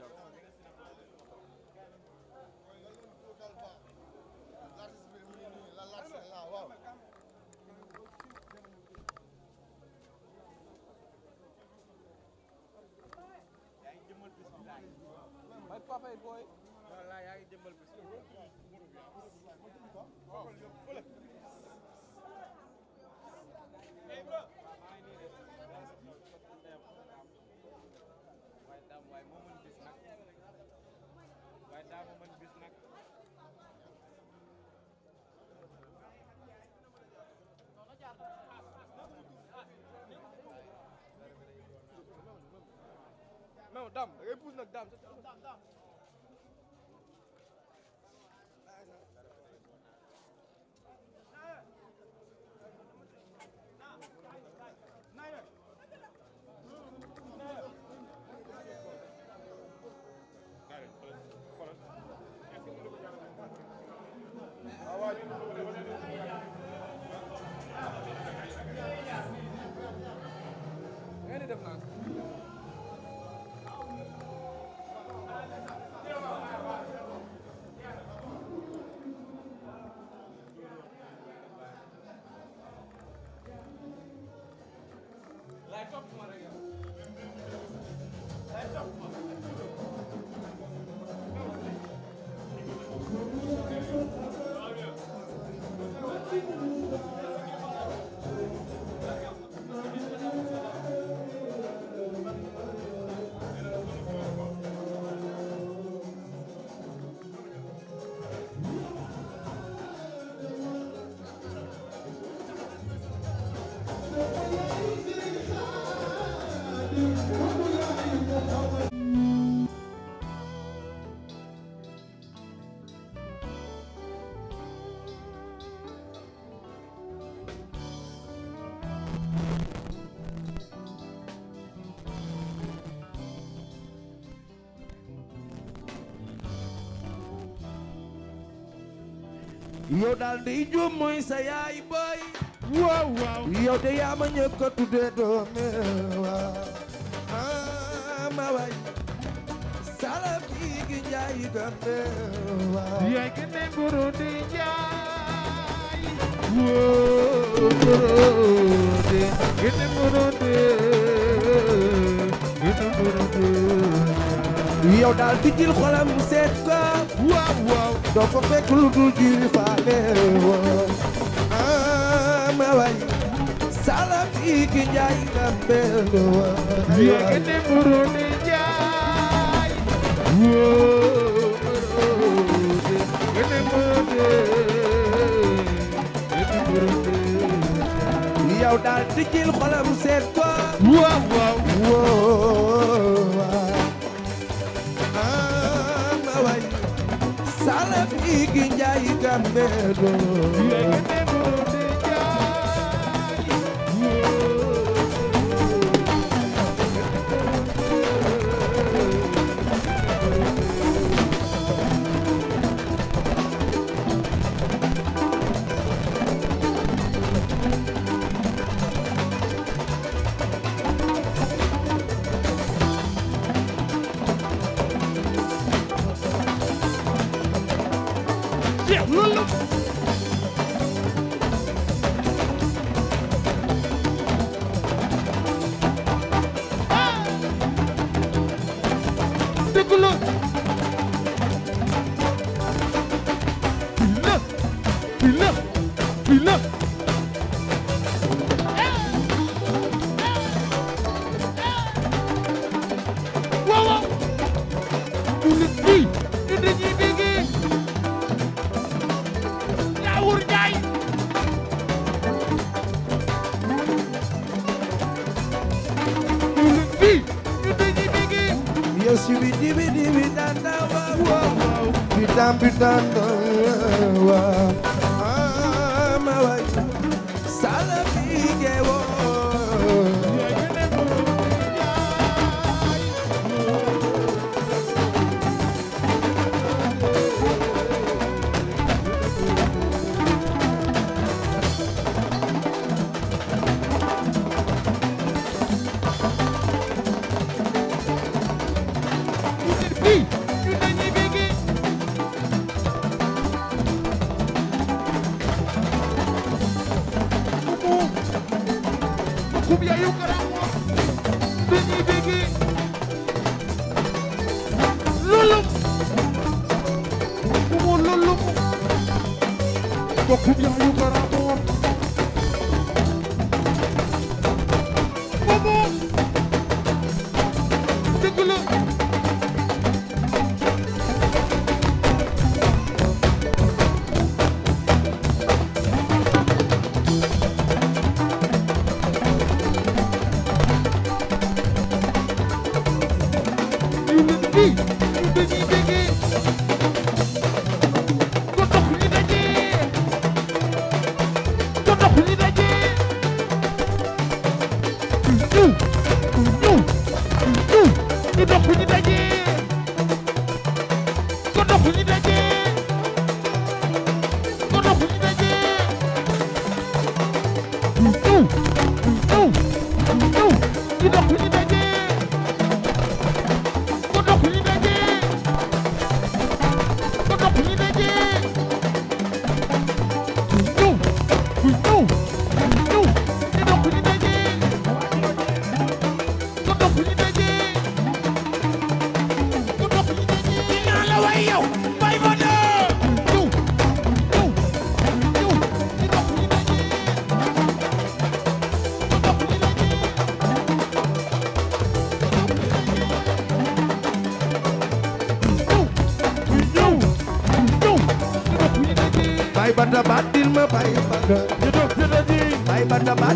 olacak? Bay papay boy. daa ma mën bis nag dam da nag dam yow daal di juum mooy sa yaay boy waaw waaw yow de yaa ma ñëkk a tuddee doome waaw ma waay salaf yi gi njaay gambe waaw yaay gi ne mburu di njaay woo burunde gi ne burunde gi seet ko waaw waaw doo ko fekk lu dul jiri faale woon aa ma way salam i ki njaay na mbeel ni mburu ni njaay woo gënë mburu Igi Njaay Gambedo ndeysaan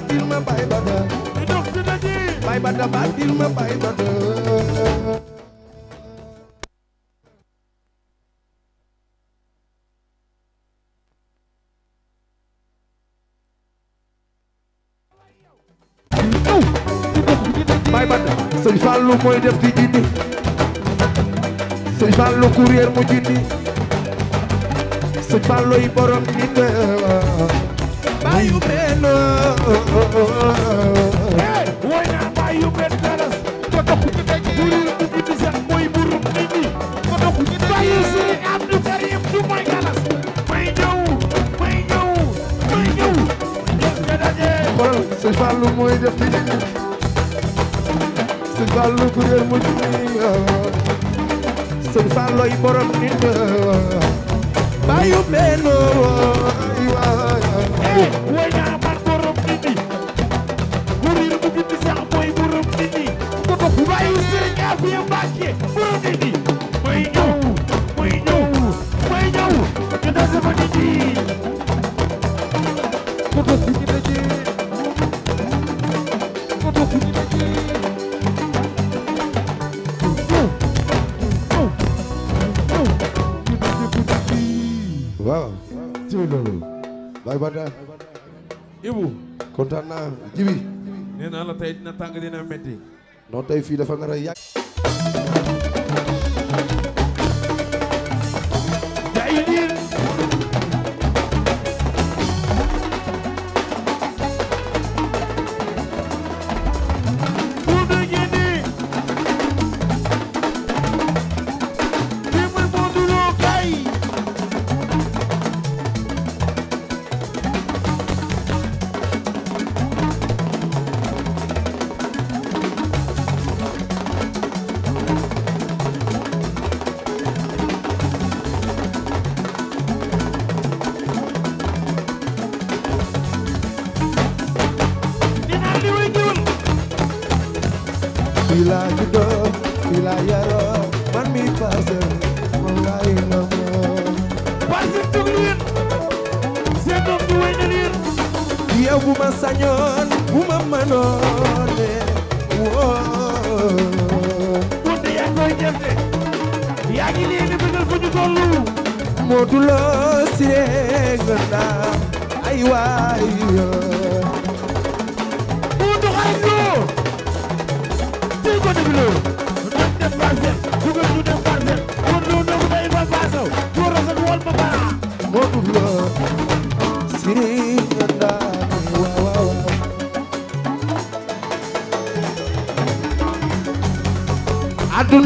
batil ma bay bada dox ji bay bada batil ma bay bada di jinni sëñ Fallou courrier mu jinni dina tàng dina métti. non tey fii dafa nar a yàgg. fii laa juddoo fii laa man mi Parcelles moom laa yëngamoo. Parcelles dugg leen seen doom di wéy na leen. ma sañoon bu ma mënoon de woo. wute yaa ngi koy def de yaa ngi leen di bëggal fu ñu tollu. moo duloo ay waay yoo. def parcelle dugal ñu def parcelle war loo noo ko day ba baasaw doo rasan wol ba baa moo dul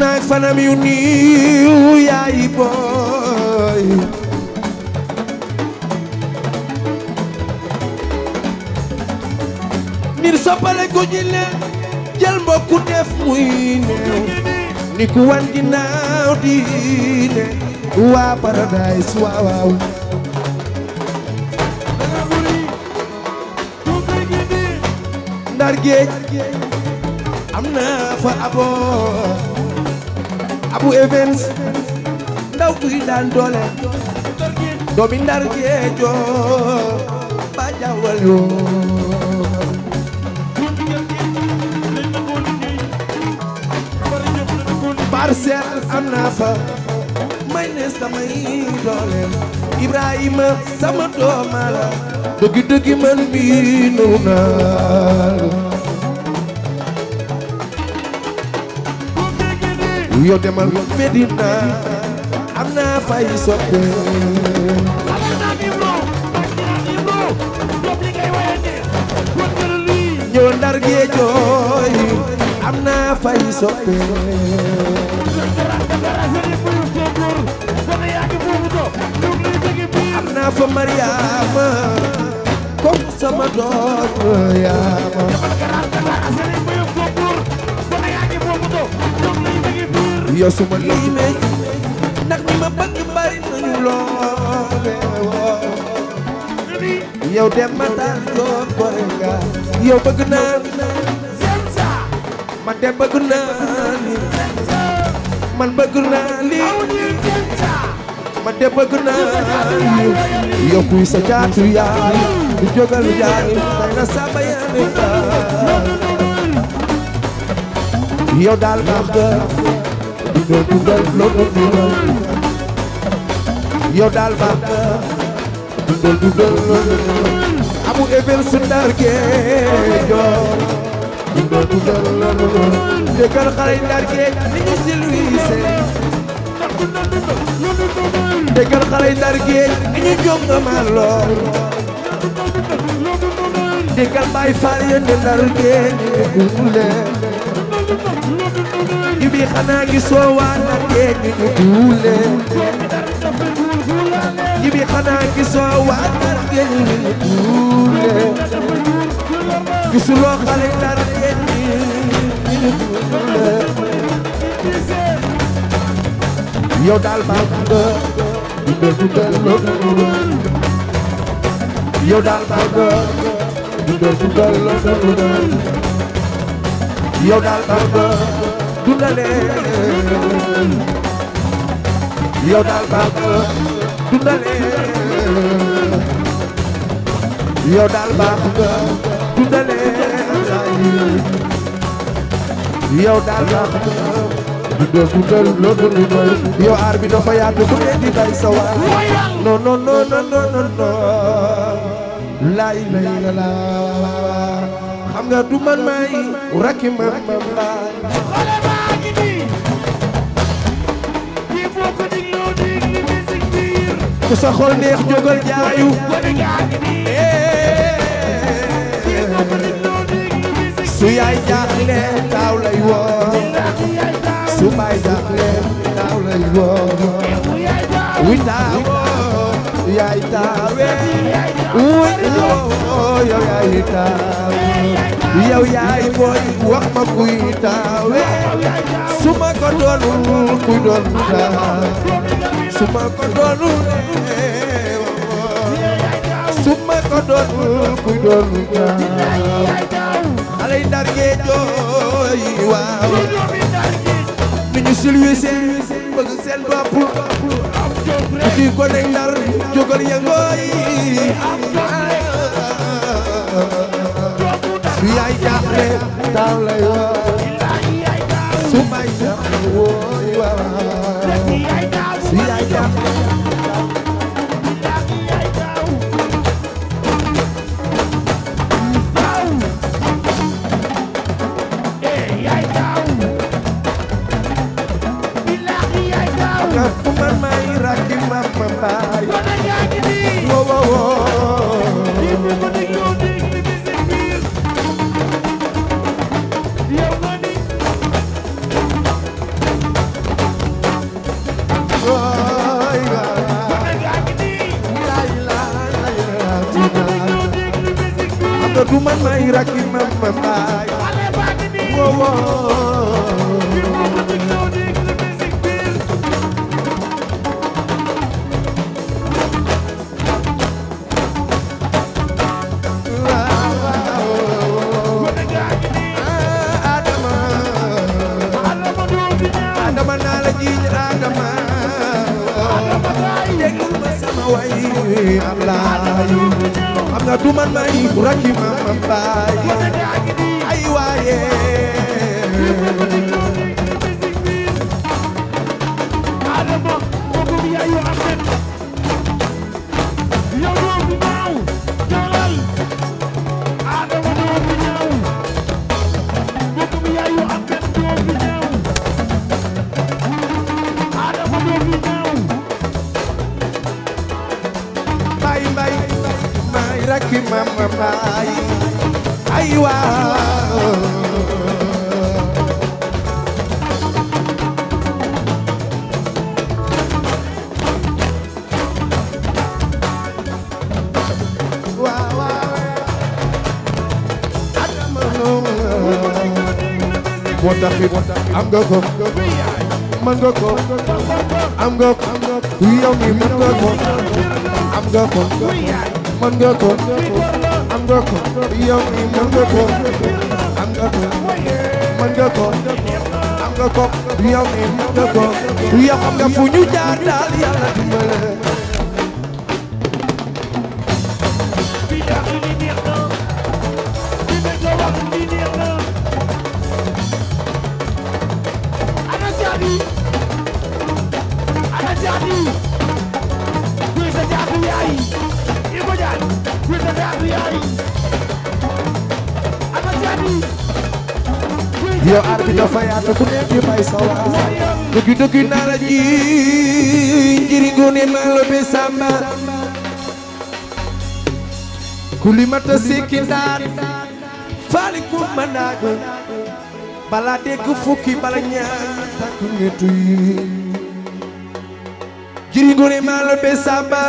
la sëriñ yu niiw yaayi booy ngir soppale ko ñi leen jël mbokku def muy néew ni ku wan ginnaaw diine waa paradise waaw waaw ndar géej am na fa abo abu events ndaw kuy daan doole doomi ndar géejoo ba jawal parcelle am naa fa may nees damay dooleel Ibrahima sama dooma la dëgg dëgg man bi naa la yow demal Medina naa am naa fay soppe am naa fa Mariama kom sama ma bëgg bari nañu loobe woo yow dem ma taal bëgg naa ma dem bëgg man bëgg naa lii man de bëgg naa yokku sa caatu yaay du jógal yaay tay na sa bayani yow daal baax nga du doon dugal loolu dugal daal baax nga du doon dugal loolu amu even dëkkal xale yi Ndar Géej mi ngi silwiise dëkkal xale yi Ndar Géej ñu jóg nga ma lool dëkkal Baay Faal yi ne Ndar Géej ñu duule ñu bi xanaa gisoo waa Ndar Géej ñu duule ñu bi xanaa gisoo waa Ndar Géej ñu duule gisuloo xale yi Ndar yow daal baal nga dundal dundal dundal yow yow daal yaa ko dundal dundal loo dundal doy yow aar bi dafa yaatu ku ne di day sa non non non non non laa xam nga du man may rakki ma ma ma ku sa xol neex jógal jaayu su yaay jaaxle taaw lay woo su baay jaaxle taaw lay woo yaay taawe wi yaay booy wax ma kuy taawe su ma ko doonul kuy doon taawe su ma ko doonul eh, oh, oh. su ma kuy doon taawe xaley Ndar ngeen jooy waaw ni su yaay jaaxle taaw lay woo su may jaaxle wooy waaw su nga ko mën nga ko am nga ko yow mi mën nga ko am nga ko mën nga ko am nga ko yow mi mën nga ko am nga ko mën nga ko am nga ko yow mi mën nga ko yow xam nga fu ñu jaar daal yàlla dimbale yow aar bi dafa yaatu ku nekk yu may sawar dëgg dëgg naa la ji njëriñu ne naa la be samba kulimata sikindaan faalikum ma naaga bala dégg fukki bala ñaar takk ñettu yi njëriñu ne naa la be samba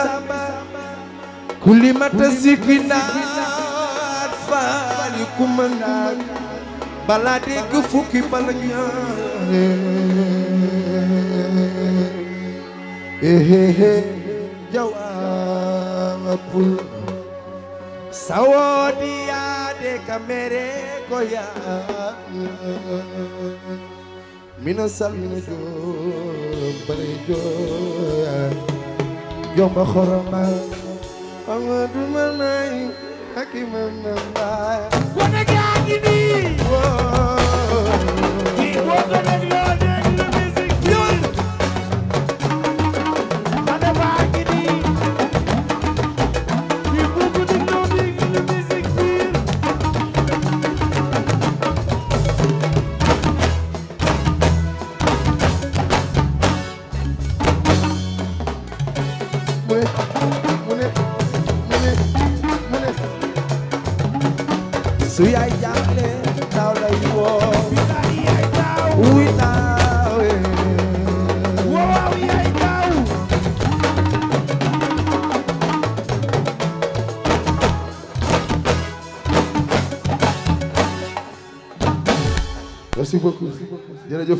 kulimata sikindaan faalikum ma naaga balaa dégg fukki bala ñaare eh, eh, eh, jawaabu sawoodi yaade kamere ko yaa mina salmina joom bare jooya jomba xoroma amadou manay hakimam na mbaay Thank you.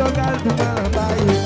dogal duma bàyyi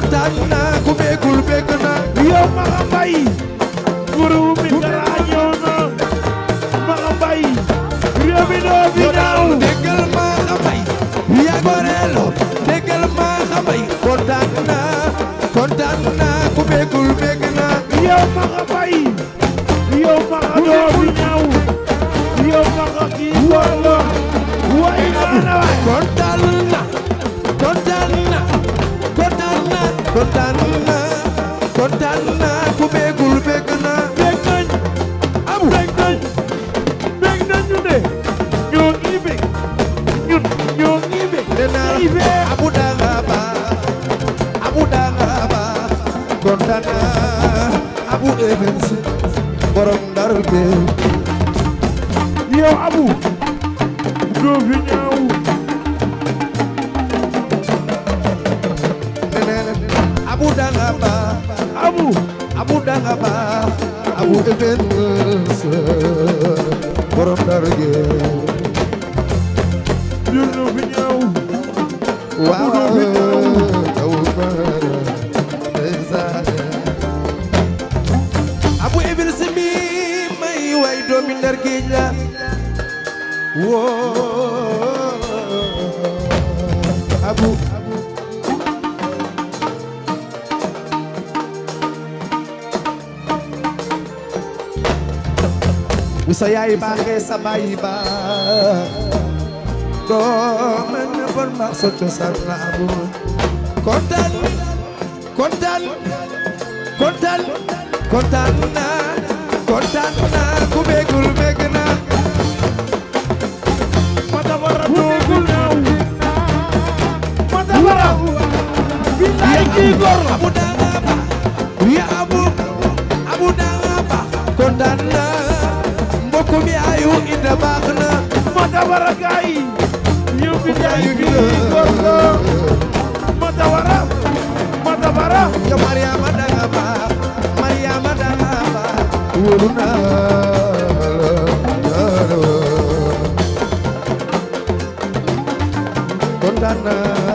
kontaan naa ku beekul beek naa yow ma xam bay guru mi dara ñëw na ma xam bay réew mi doo fi naaw déggal ma xam bay yaa goreelu déggal ma xam bay kontaan naa kontaan naa ku beekul beek naa yow ma xam bay yow ma xam doo fi naaw yow ma xam kii war la waay na waay Allah say baaxe sa baay baax doo mën na bon baax sa cosaan la amoon kontaan kontaan kontaan kontaan naa kontaan naa ku beegul beeg naa ma tabara doogul naaw ma tabara billaay kii góor abu daanga ba yaa abu abu daanga ba kontaan naa mi ayu inda baax na ma tawara gaay yu bi jaay bi góor la ma tawara ma tawara ya Mariama danga baax Mariama danga baax wóolu naa kontaan naa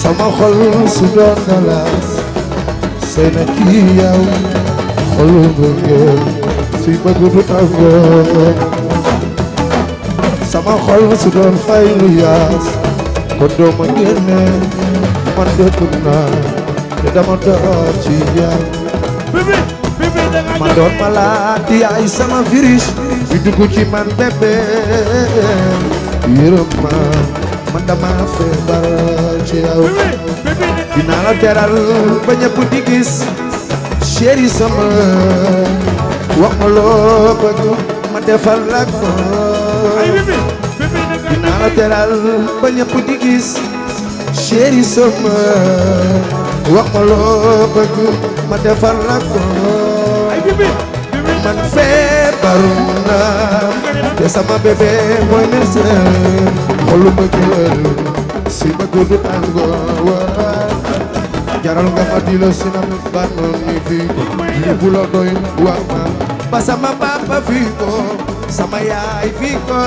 sama xol su doon galaas sey na kii yow xolu mbëggeel suy bëgg du tàngoo sama xol su doon fay lu yaas kon doo ma génne man dëkkut naa ci yaw bibi bibi ma doon malaati yaay sama virus bi dugg man bébé yërëm ma man dama feebar ci yow dinaa la teral ba ñëpp di gis chéri sama ma defal la dinaa la teral ba ñëpp di gis chéri sama ma loo bëgg ma defal la ko te sama bébé mooy mercenaire xolu mbëggeel si bëggu du tàngo jaral nga ma di la sinam ban ni fii lépp la doy wax ma ba sama papa fii sama yaay fii ko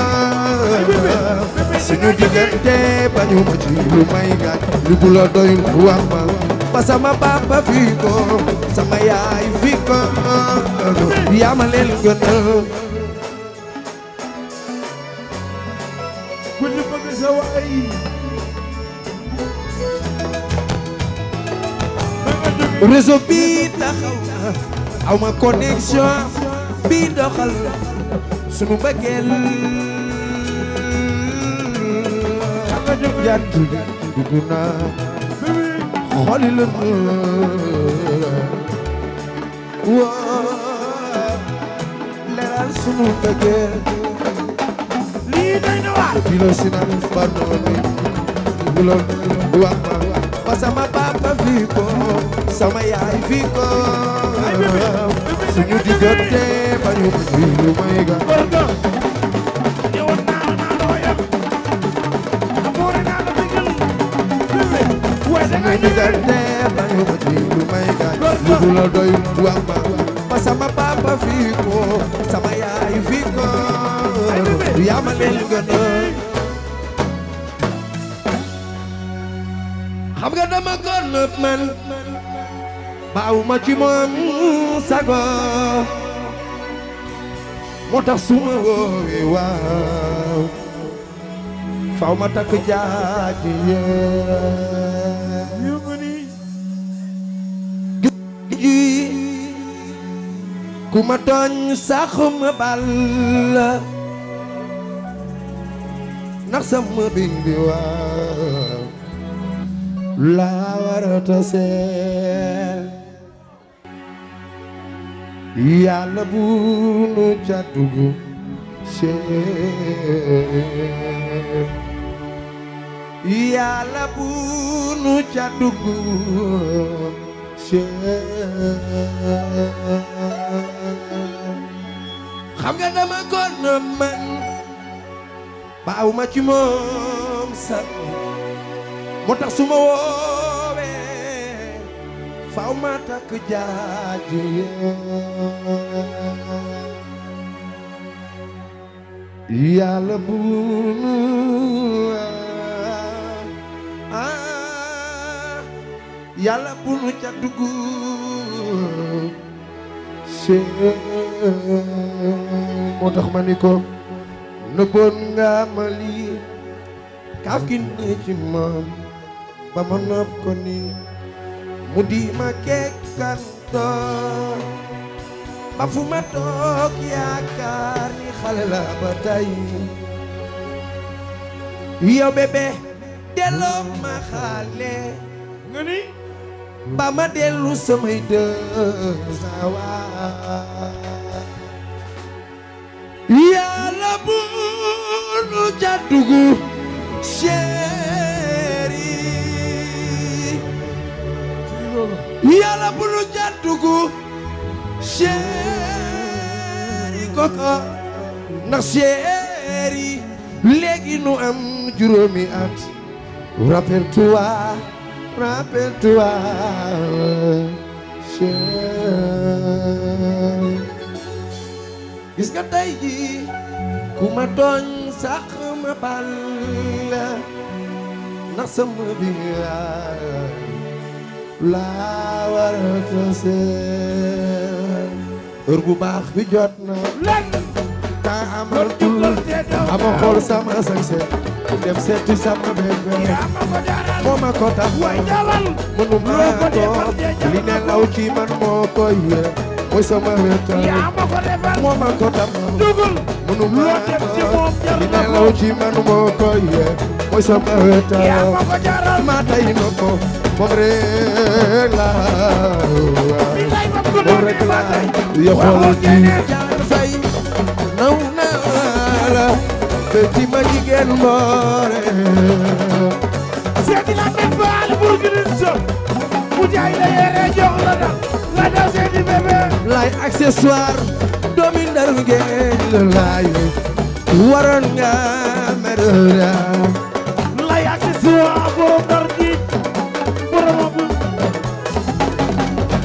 suñu diggante bañu ma ci lu may gaañ lépp la doy wax ma ba sama papa fii sama yaay fii yaa ma leen gënal réseau bi taxaw ma connexion bi sunu mbëggeel yàgg dugg waa leeral sunu mbëggeel bilo sina barnomi ba sama papa fi ko sama yaay fi ko suñu diggante bañu fi lu may ga suñu diggante bañu fi lu ba sama papa fi ko sama yaay yaa ma leen gënal xam nga dama ko nëb man ba aw ma ci moom sago moo tax su ma woowee waaw faaw ma takk jaaji yee ku ma tooñ sax ma bal ndax sama biñ bi yàlla bu nu ca dugg seer xam nga dama ko na ba aw ma ci moom sax moo tax su ma woowee faaw ma takk jaaju yàlla bu nu ah, ah yàlla bu nu ca dugg moo tax ma ni nëbboon nga ma lii kaaf gi ne ci ba ma nopp ko nii mu di ma kekkantoo ba fu ma toog yaakaar ni xale la ba tey yow bébé delloo ma xale nga ni ba ma dellu samay dësawa la bulu jadugu chéri yàlla bulu jadugu chéri koko ndax chéri léegi nu am juróomi at rappelle-toi rappelle-toi chéri gis nga tey jii ku ma tooñ sax ma baal la ndax sama biir laa war a tasee heure bu baax bi jot na lan ta amal tul ama xool sama sañse dem seeti sama bébé moo ma ko tax way dawal mënu ma ko li ne law ci man moo koy mooy sama wéetal yaa moo ma ko defal dugul munu loo dem ci moom jar na ko nelaw ci man moo ko yee mooy sama wéetal yaa ma ko jaral ma tay na ko moom rek la moom rek la yow xool ci fay naw naa la te ci ma jigéen mboore seeti la même baal burginin so mu jaay la yére jox la na nga daw bébé lay accessoire doomi Ndar ngeen lay waroon nga mer lay accessoire borom Ndar gi borom abu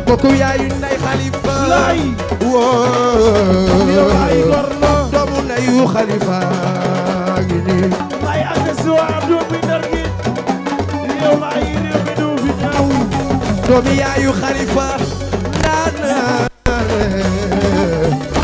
kooku yaayu Ndey Xalifa lay woo ay gorno doomu ndeyu Xalifa gi ni lay accessoire doomi Ndar gi yow lay réew mi du fi taw doomi yaayu Xalifa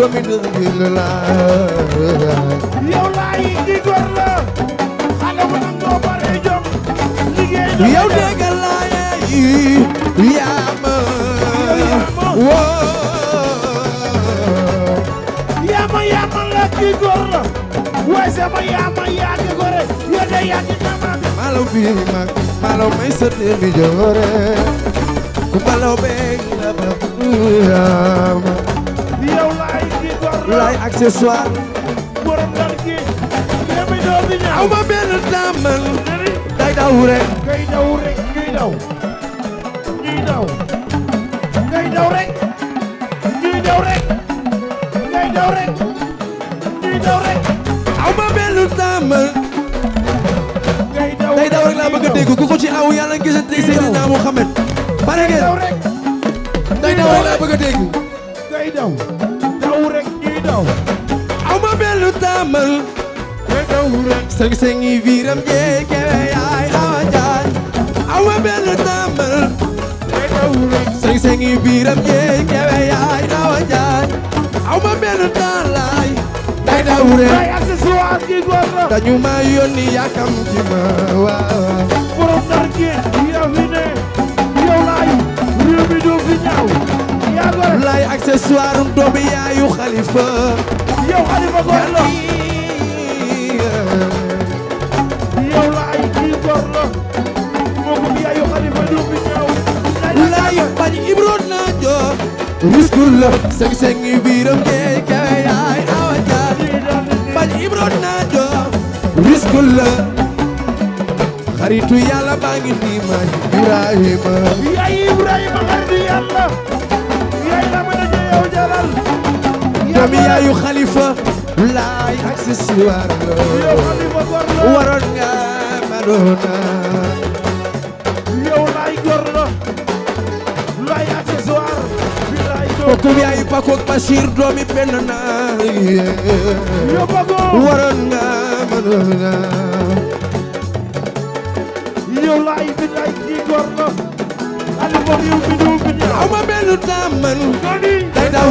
doomi dëng bi la yow laa yi di góor la xale bu nangoo bare jom liggéey yow dégg laa yi yaa ma woo yaa ma yaa ma la ki góor la waaye sama yaa ma yaa ki góore yow de yaa ki nama malaw bi mag malaw may sëtee bi joore ku malaw bee la ba yaa ma laay accessoire borom dar gi lemi door di ñaaw ma benn damal day daw rek ngay daw rek ngay daw ngay daw ngay daw rek ngay daw rek ngay daw rek day daw rek laa bëgg a ku ko ci aw yàlla gisante Seydina Muhammad bare ngeen day daw rek laa bëgg a dégg amal we dawra sang sangi biram jege ay hajaj awa bel tamal we dawra sang sangi biram jege ay hajaj awa bel dañu ma yónni yakam ci ma wa borom dar gi yow mi ne yow laay réew mi do fi ñaaw lay accessoire doomi yaayu xalifa yow xalifa góor la yow lay kii góor la moom yaayu xalifa du fi ñëw lay bañ ibro na joor riskul la seng seng biiram dee kawe yaay awa jaar bañ ibro na joor riskul la xaritu yàlla baa ngi nii maay Ibrahima yaay Ibrahima xaritu yàlla yaayu xalifa laay accessoire la waroon nga madona yow laay gor la laay accessoire kooku yaayu Paco ak Bachir doomi benn na waroon nga madona yow laay billaay di gor la ali boog yow bi ñu bi ñu aw ma benn taam man day daw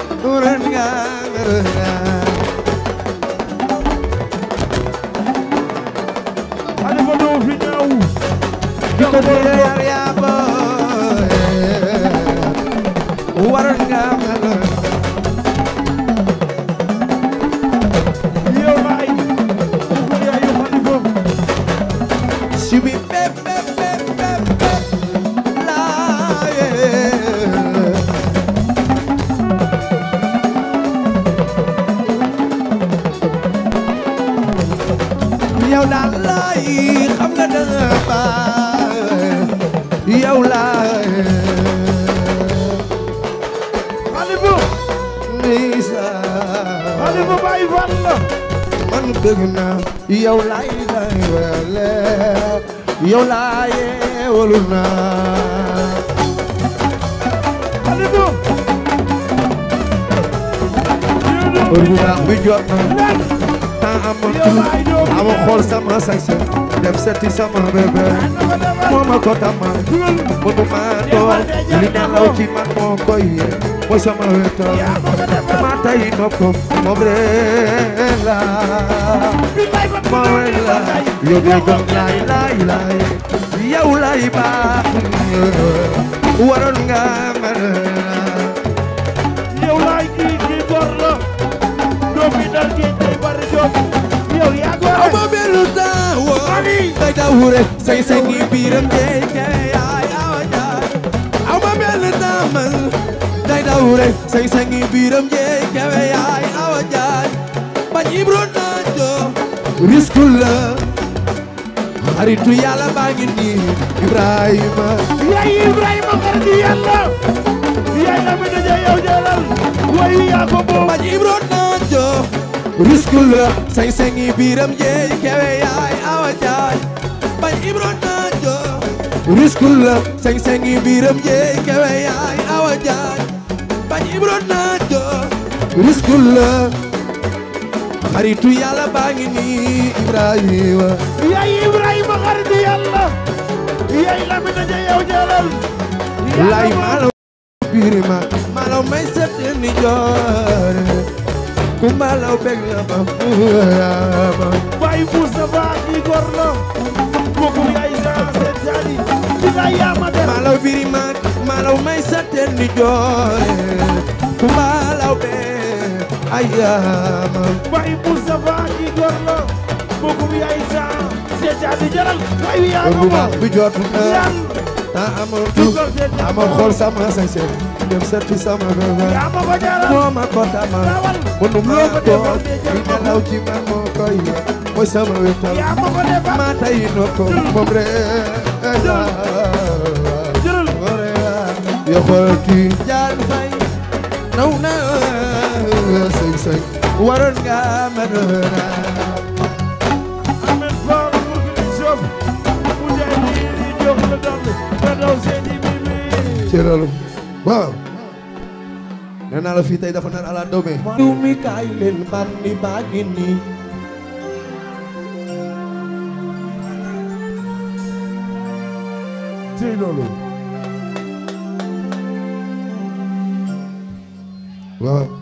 yow ci man moo koy yee mooy sama ma tay noppam moom ree la mooy la yow dee lay lay lay yow lay baax nga mën yow lay kii ki gor la doomi dal kii tey bari jot yow yaa gor aw ma melu taa woo kay taa wure say say ni biiram jeey gawre seng sengi biram yeey kewe yaay awa jaay bañ ibru naajo riskul la xaritu yàlla baa ngi nii ibrahima yaay ibrahima xaritu yàlla yaay ami daje yow jëlal way yaa ko boobu bañ ibru naajo riskul la seng sengi biram yeey kewe yaay awa jaay bañ ibru naajo riskul la seng sengi biram yeey kewe yaay awa jaay ibro na do riskul la xaritu yàlla baa ngi nii ibrahima yaay ibrahima xaritu yàlla yaay lamina ja yow jëlal lay maalaw birima maalaw may septe ni joore ku maalaw beg la ma fuyaama bay mustafa ki gorlo bokum yaay saa seet billaay yaa ma def maalaw biri man maalaw may sa teen di joore maalaw bee ayaama way Mustafa di gorlo bugum yaay saa see caa di jaral way wi yaa ma ma bi joot na ta amoon tu amoon xool sama sañ seen dem seeti sama bébé yaa ma ba jaral moo ma ko tama mënu ma ko di nelaw ci man moo koy mooy sama wetal maa tayi no ko mm. moom rek yoxol Tijaan Fay naw na sëg sëg waroon nga mën cëralum waaw nee naa la fii tey dafa nar ala doome du mi kaay leen man ni baa ngi nii waaw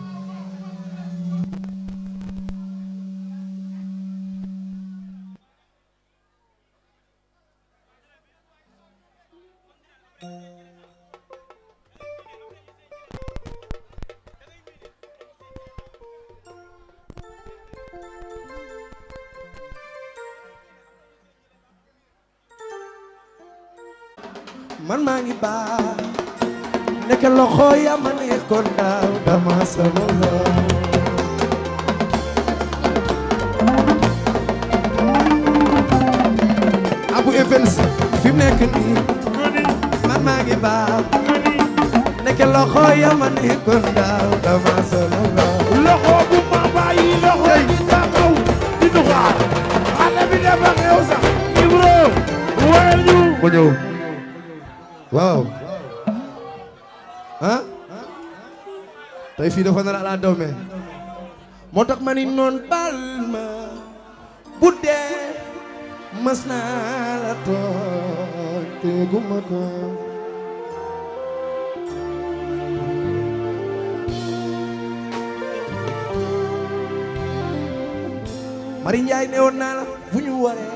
Mari Njaay ne naa la bu ñu waree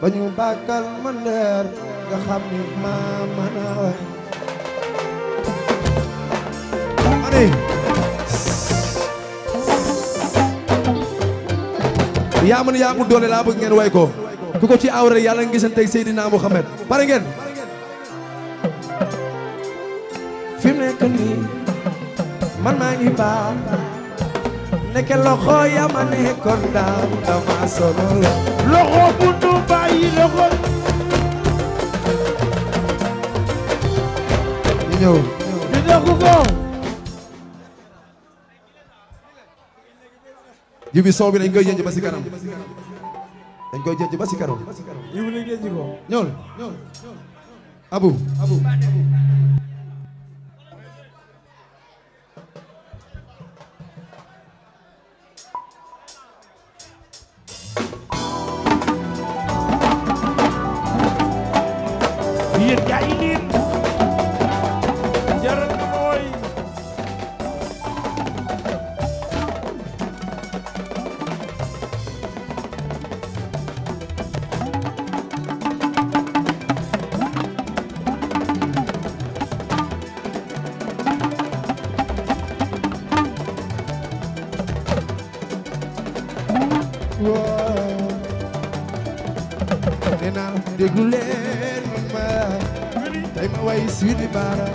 ba ñu bàkkal ma ndeer nga xam ni maa mën a way mane yaa mën yaa mu doole laa bëgg ngeen way ko ku ko ci awra yàlla ngi gisante ak Seydina Muhammad pare ngeen ndeke loxo ya ma daam dama sonal loxo bu nu bàyyi loxo ñu ñëw ñu dëkku jibi soow bi dañ koy jënj ba si karam dañ koy jënj ba si kanam jibi abu yéen gaa yi nit jaral mooy waaw nee naa déglu leen ma tey ma way Sidi Bara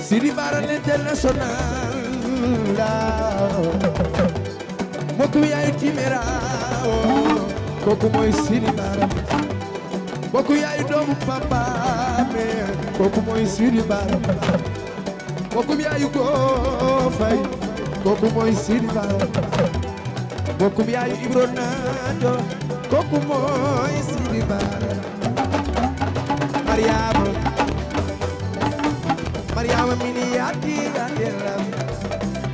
Sidi Bara l'international mbokk mi yaay timéra kooku mooy Sidi Bara mbokk yaay doomu papa me kooku mooy Sidi ko fay kooku mooy Sidi Bara mbokk mi yaay Ibro Nando kooku mooy Sidi Bara Mariama Mariama mini ati atera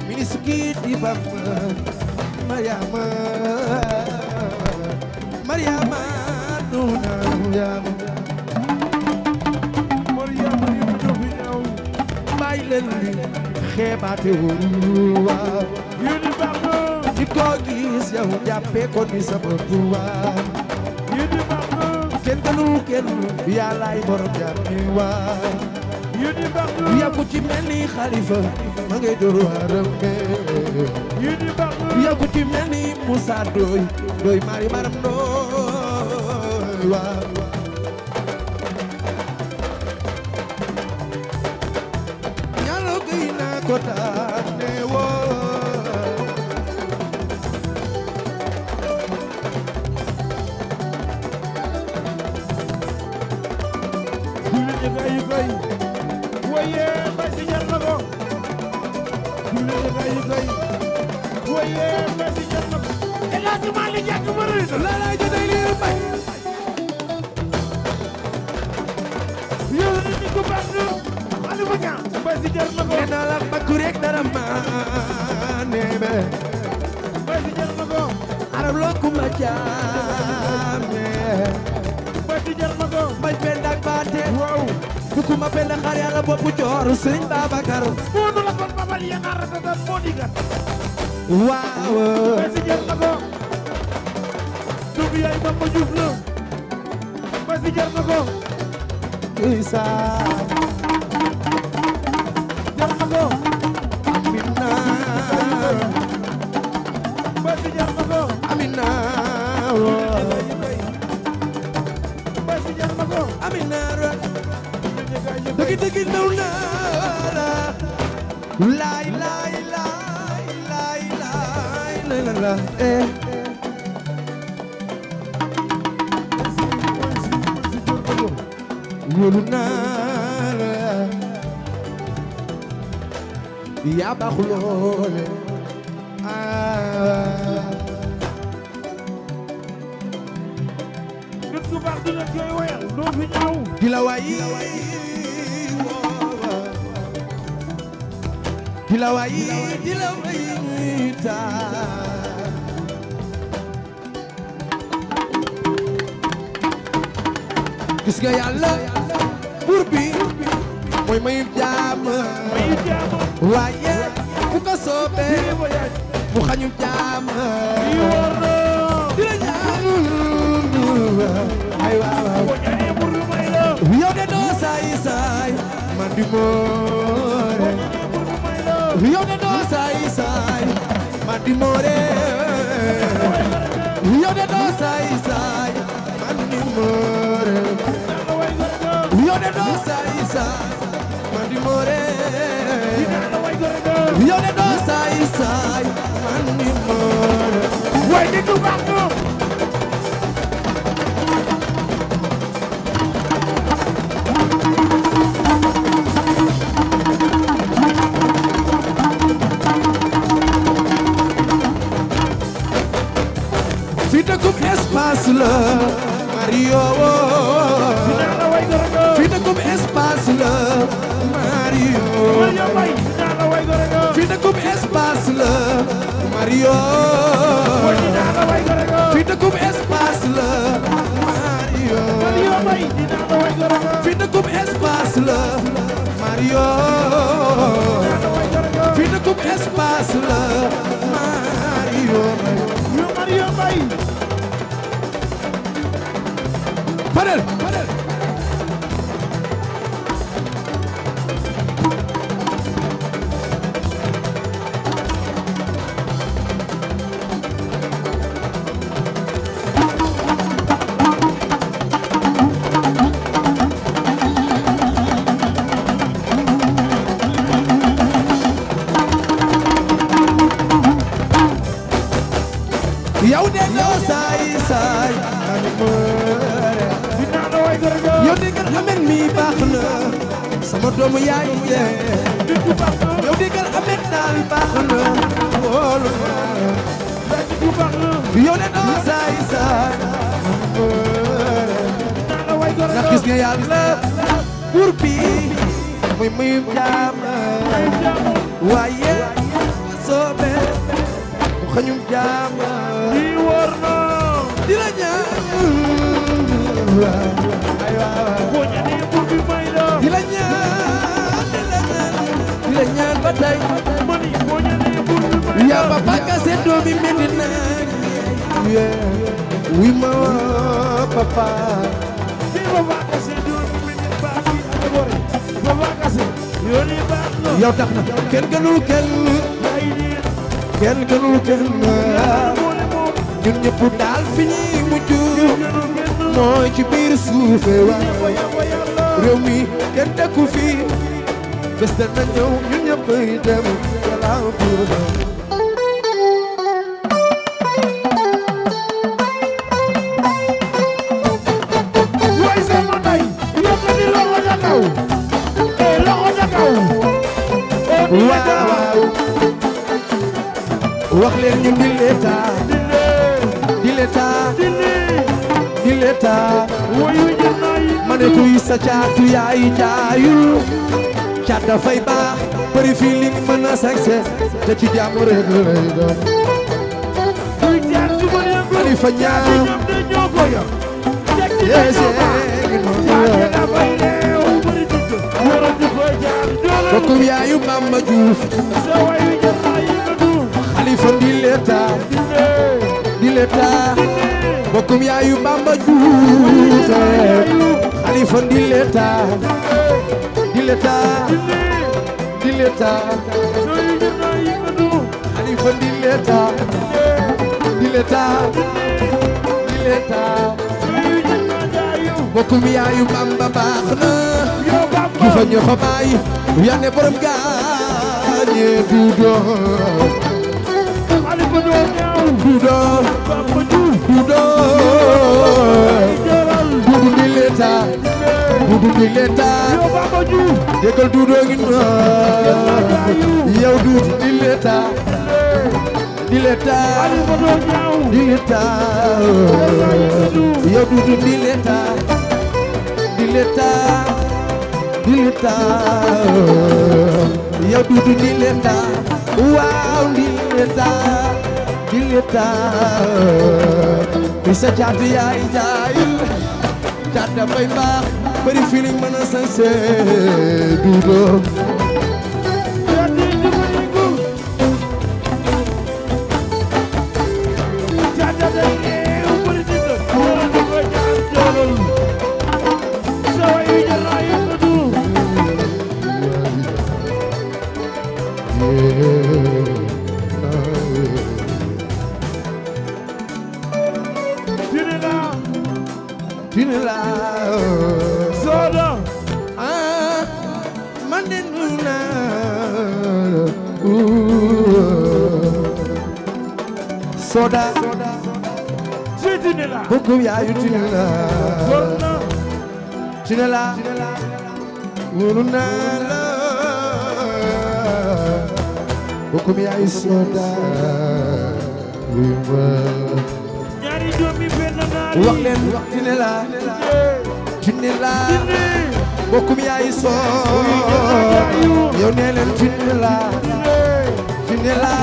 mini sukiti bamba Mariama Mariama nuna yama Mariama yu dofinao baylen xebaate wuwa yu ni bamba di ko gis yow jàppe ko ni sama duwa kanu kenn yàllaay borom jàmm ñi waay yu di baax yàqu ci mel ni xalifa ma ngay dóoru haram yu mel ni Moussa Ndoye Ndoye mari maram Ndoye waaw nebe bay di jar na ko arab lo kuma jam ne bay di jar na ko bay bendak bate wow du kuma benn xar yàlla boppu joor Sëriñ Babacar monu la babal ya ngar da mo di jar na ko du bi ay bamba juuf la bay di jar na ko minara dëgg dëgg ndaw naa la laay laay laay laay laay la la eh wóolu naa la yaa baax loole di la wayi di la wayi di la wayi taa yàlla buur bi mooy mayu jaam waaye ku ko soobee mu xañu jaam di la ñaan ay waaw di moore yow de doo saay saay ma di moore yow de doo saay saay ma di moore yow de doo saay saay ma di moore yow de doo saay saay ma di moore way di du baax espace la Mario fii dëkkub espace la Mario fii dëkkub espace la Mario fii dëkkub espace la Mario fii dëkkub espace la Mario fii dëkkub espace la parel parel doomu yaay jee yow digal amet daal baax na wóolu yow ne doo saay saay ndax gis nga yàlla buur bi muy muy jaam waaye soobe mu xañum jaam di wóor na di la ñaan di la ñaan di la ñaan ba tey yaa ba paka se yow tax na kenn gënul kenn kenn gënul kenn ñun ñëpp daal fi mujj mooy ci biir suufe waaye réew mi kenn dëkku fi bés dana ñëw ñun ñëpp yi dem yàlla buur eh, wax leen ñun di l'état di l'état di l'état woyu jënay ne kuy sa caatu yaay jaayul caat dafay baax bëri fii lim mën a sañse te ci jàmm rek lay doon ani fa ñaaw yes bokkum yaayu Mama Diouf xalifa di leta di leta mbokkum yaayu Bamba Juuf Xalifa di leta di leta di leta Xalifa di leta di leta di leta mbokkum yaayu Bamba baax na Juufa ñu xamaay yaa ne borom gaañe du doon du doon Doudou di l'état jégal Doudou ngi na yow Doudou di l'état di l'état di l'état yow Doudou di l'état di l'état di l'état yow Doudou di l'état waaw di l'état yëttaan mi sa jaat yaay jaay jaat baax bari feeling mën a sañ see du doom ci la la wóolu naa la bokkum yaay soda luy ma ñaari doomi benn naa wax leen wax ci la la ci ne la bokkum yaay soda yow nee leen ci ne la ci ne la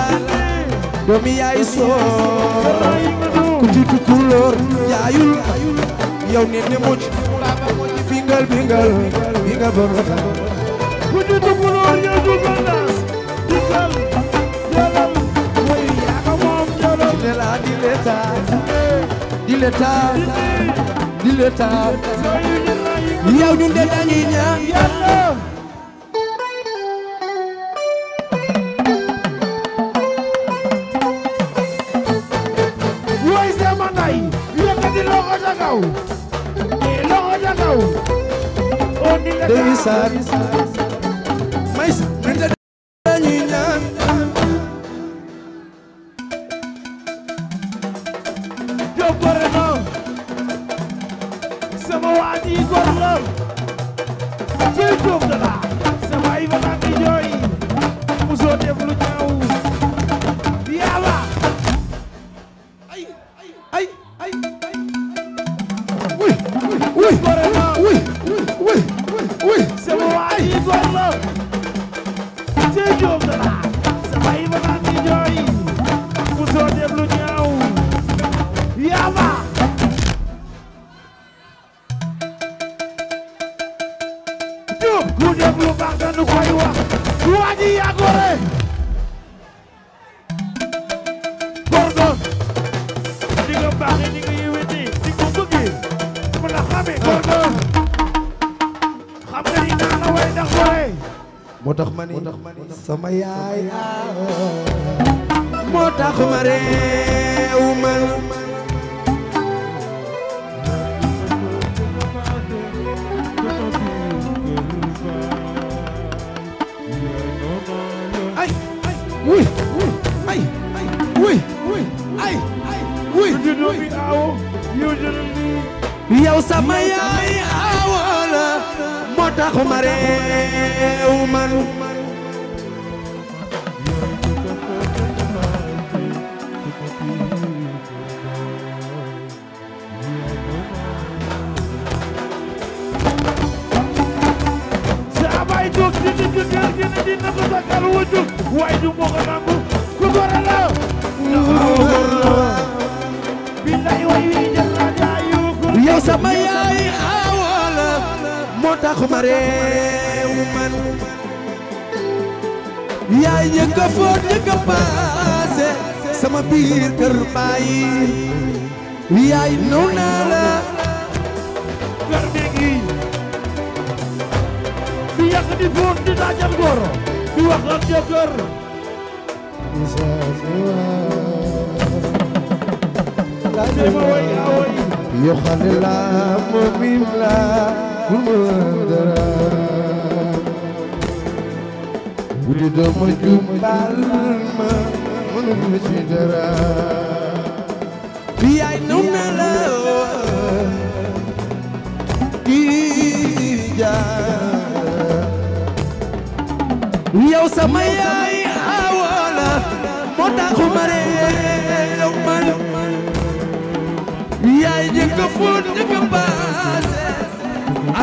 nee ne mucc bingal bingal bingal borota kuju tukulor ya jugana bingal jalan moy yaka mom jalan dela dileta dileta dileta yow ñun de dañuy ñaan yalla Oh. ndeysaan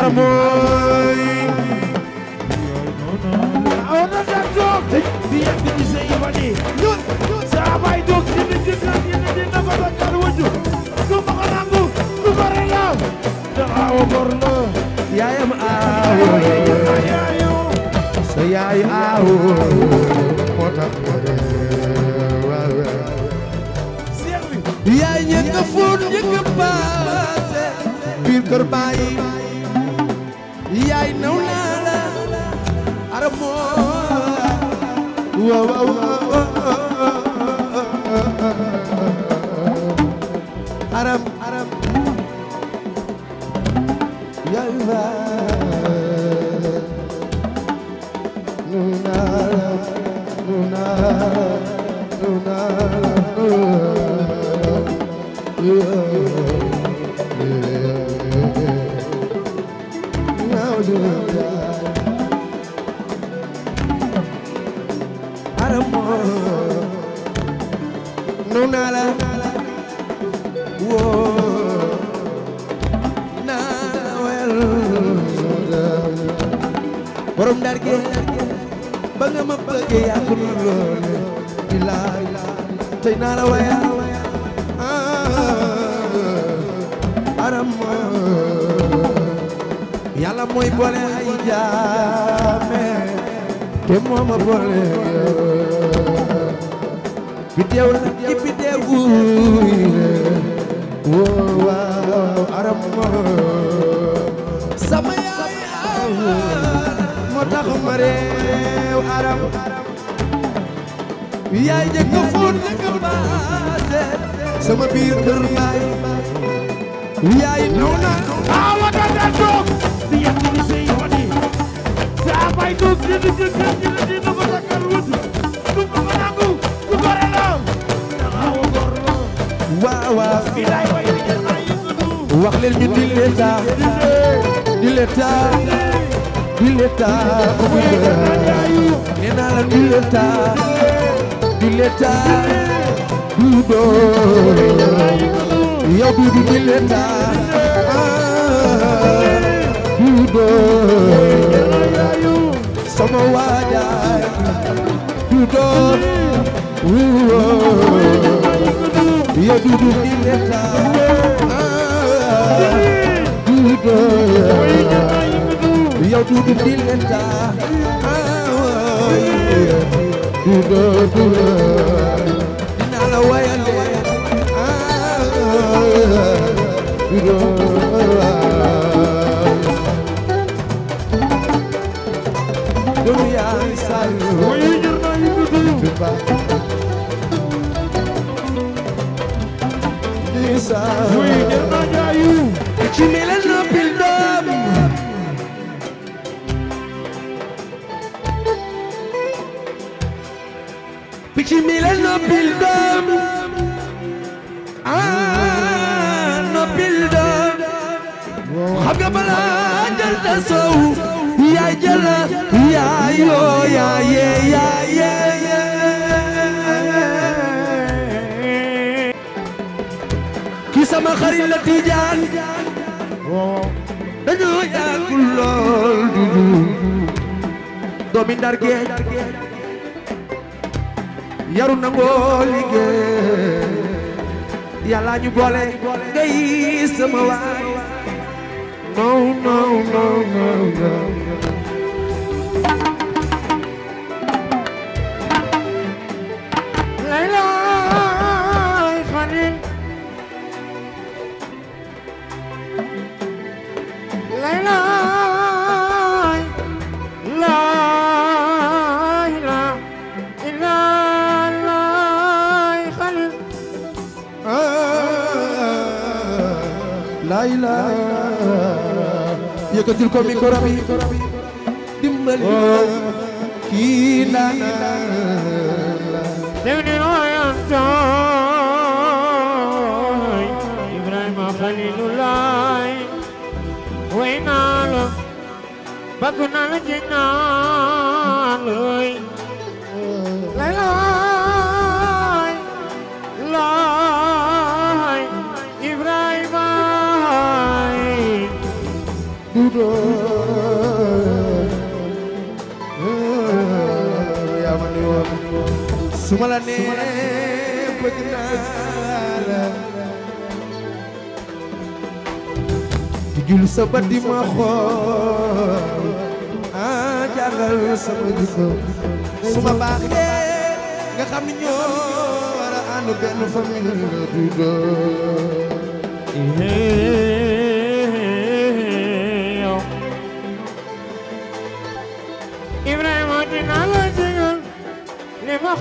Yàlla mooy on a da doog di yegg di say ibadi ñun saa bay doog di di di di di na ko ba kar waju du ma ko nangu du ko relaw da awo gor la yaayam awo sa yaay awo moo tax yaay ñe nga fóon ñe nga paase biir kër baay Aram boole biddeew la ci biddeew wuy woo oh, waaw aram sama yaay moo tax ma réew aram yaay jëkk fóot nekk baase sama biir kër baay yaay naw naa awa da da toog si yàgg ni say yoni saa bay toog si l'État, du l'État, du l'État, du l'État, du l'État, du do, yow du du l'État, du do, sama waajaay, du do, yow du du l'État. Duda yow Dudu dil ngeen taa Duda Duda dinaa la wayal Duda Duya salu wayu jur na yu Dudu Duba Lisa wayu jur na jayu ci melal miile noppil doom ah noppil doom xam balaa jël ta sow yaa jël yaa yoo yaa yee yaa yee ki sama xarit la Tijaan dañoo yàggul lool dudu doomi Ndar Géej yaru nangoo liggéey yàlla ñu boole ngay ma waay non non non non yëkkatil ko micro bi dimbali kii la déglu nooyam tooy Ibrahima Xalilulaay way naa la bëgg naa la jëg naa su ma la nee bëgg naa la di jul sa bët di ma xool ah jàngal sama jikko su ma baaxee nga xam ni ñoo war a ànd benn famille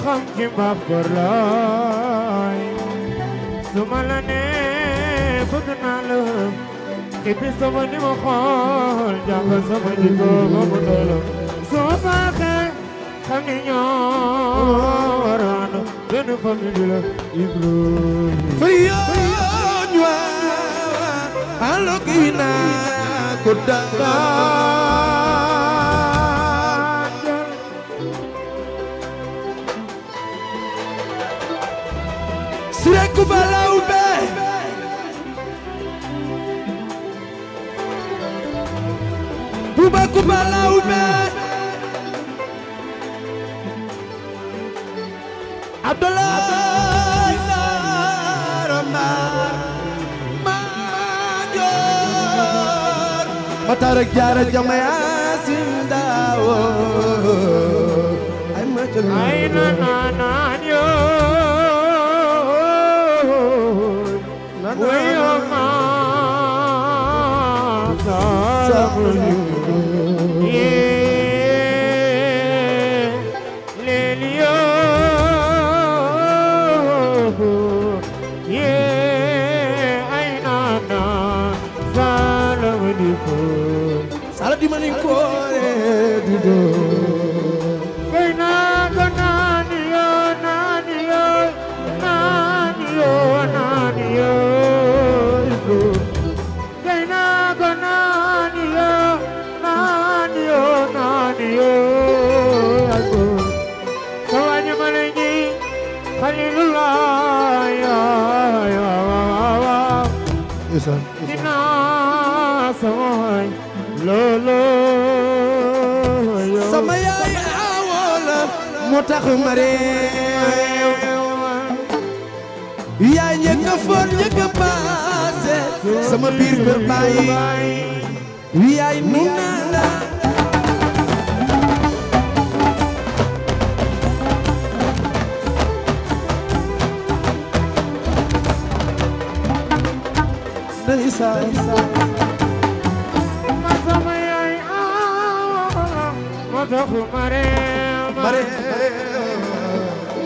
xam ki ma forlooy su ma la nee bëgg naa la ibi sama ni ma xool jàpp sama jikko ba mu doolu su ma baaxee xam ni ñoo waroon benn famille la iblu fayoon waa alo gi naa ko dangaa Ubalaube. Buba Kubalaube. Abdoulaye Narama Madior. Matar ak Jaara Jama Yaasin Daawo. Ay na na na. ñu tax ma réew yaa njëkk a foon njëkk a paase sama biir kër bàyyi yaay mu naa la ma sama yaay aawa ah, ma tax ma réew bare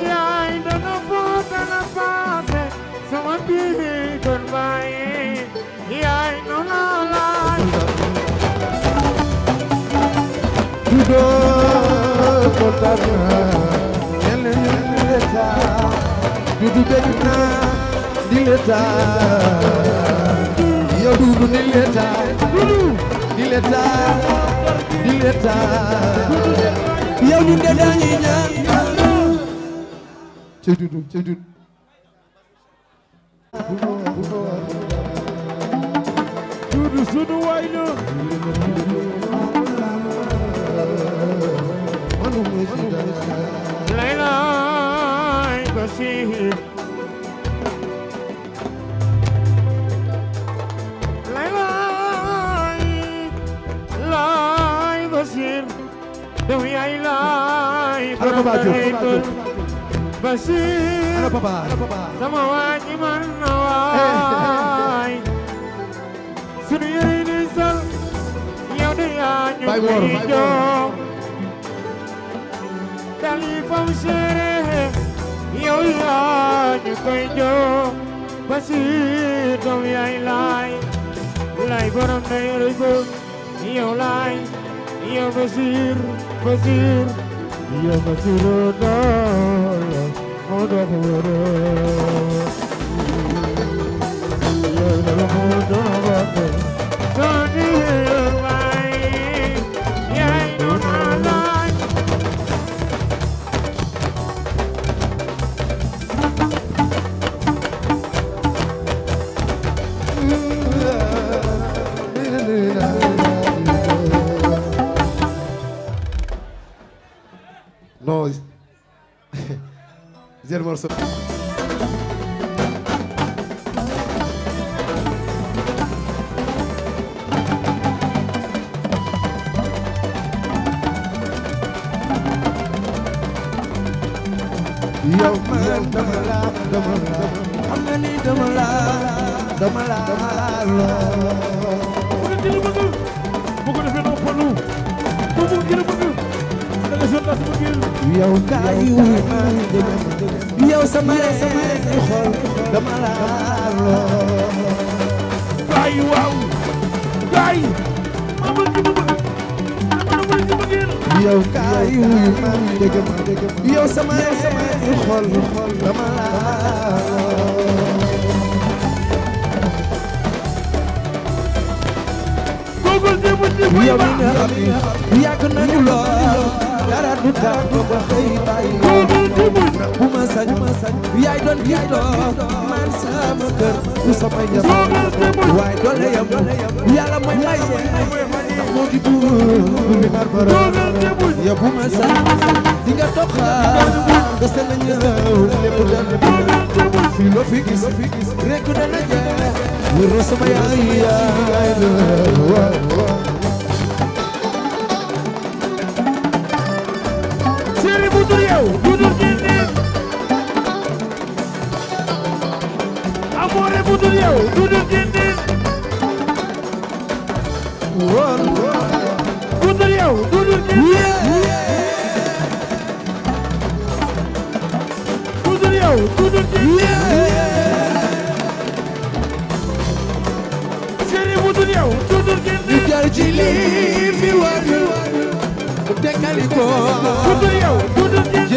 yaay dana fuuta na paase sama biir kon bàyyi yaay no la laay judoo ko tabna yelle di leta judu beg na di leta yow dudu ni di leta di leta yow ñun de dañuy ñaan. cey dudu cey dudu. morceau. yow man dama la dama la xam nga ni dama la dama la dama la lool. bu dee lu bëgg bu ko defee doo falu bu mu gën a bëgg da nga sonn la sama gën. yow kaay yu yow sama sama xol dama la loo waay waaw waay ma bëgg ma bëgg yow kaay wuyu ma dégg ma dégg yow sama sama xol dama la loo yow mi nga yàgg nañu lool dara du tax ma ko xëy bàyyi bu ma sañ ma sañ yaay doon yaay doon man sama kër du sama njaboot waaye doole yam yàlla mooy maye ndax moo di buur bi mar borom ya bu ma sañ di nga toog xaar nga seen ñëw lépp dal fii loo fi gis rekk dana jeex wër sama yaay yaay la dudur yow dudur jiin niin amoore budur yow dudur jiin niin woor budur yow dudur jiin niin budur yow dudur jiin niin seri budur yow dudur jiin niin jar jiliin mi war yow bu dekkali ko budur yow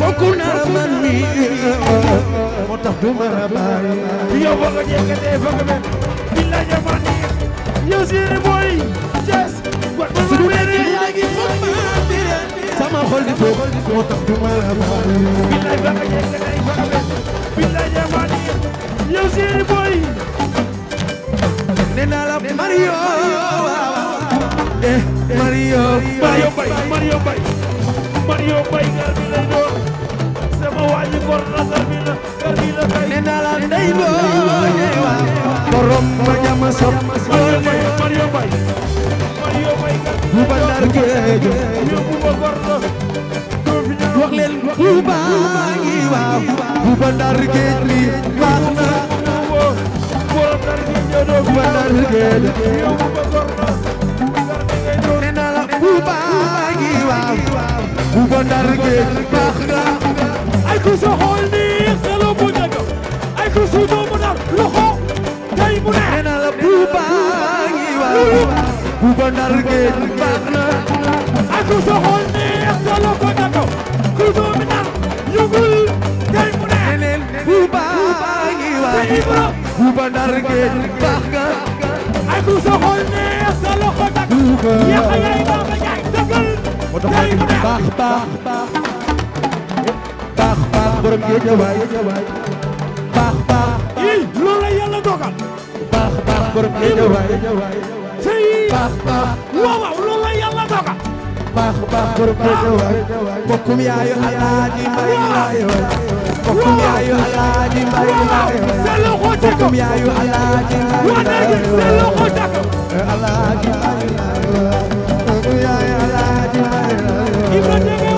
a nara man mi moo tax du mara bàyyi yow boo ko jeexalee foog men billaay yow man yow séeréer mooy Cees su du nekkee yaa ngi foog ma sama di toog moo tax du mara bàyyi billaay boo ko jeexalee foog men billaay yow man yow séeréer mooy nee naa la Mario eh, eh Mario Mario Mbaye Mario Mbaye Mario Mbaye gaal bi lay bi góor ndey booyee waa borom ma ñama sopp doone Mario Mbaye Mario Mbaye bu ba ma góor na ndar géej li baax na borom ba ndar géej yóbbu ma na nee ba ndar géej baax na ay ku sa xool nii selo bu njëkk ay ku su doomu nar loxo tey mu ne nee naa waay buuba nar géej baax na ay ku sa xool nii selo bu njëkk ku doomu nar yëgul tey mu ne nee naa buuba ngi waay buuba nar géej baax na ay ku sa xool nii selo bu njëkk yéex a yaay baax a yaay dëggal mu ne baax baax borom géej waay baax baax ii loolu la yàlla dogal baax baax borom géej waay sey baax baax waaw waaw loolu la yàlla dogal baax baax borom géej waay bokkum yaayu alaaji mbay laay waay bokkum yaayu alaaji mbay laay waay sa loxo teg bokkum yaayu alaaji mbay laay waay sa loxo teg alaaji mbay laay waay yaayu alaaji mbay laay waay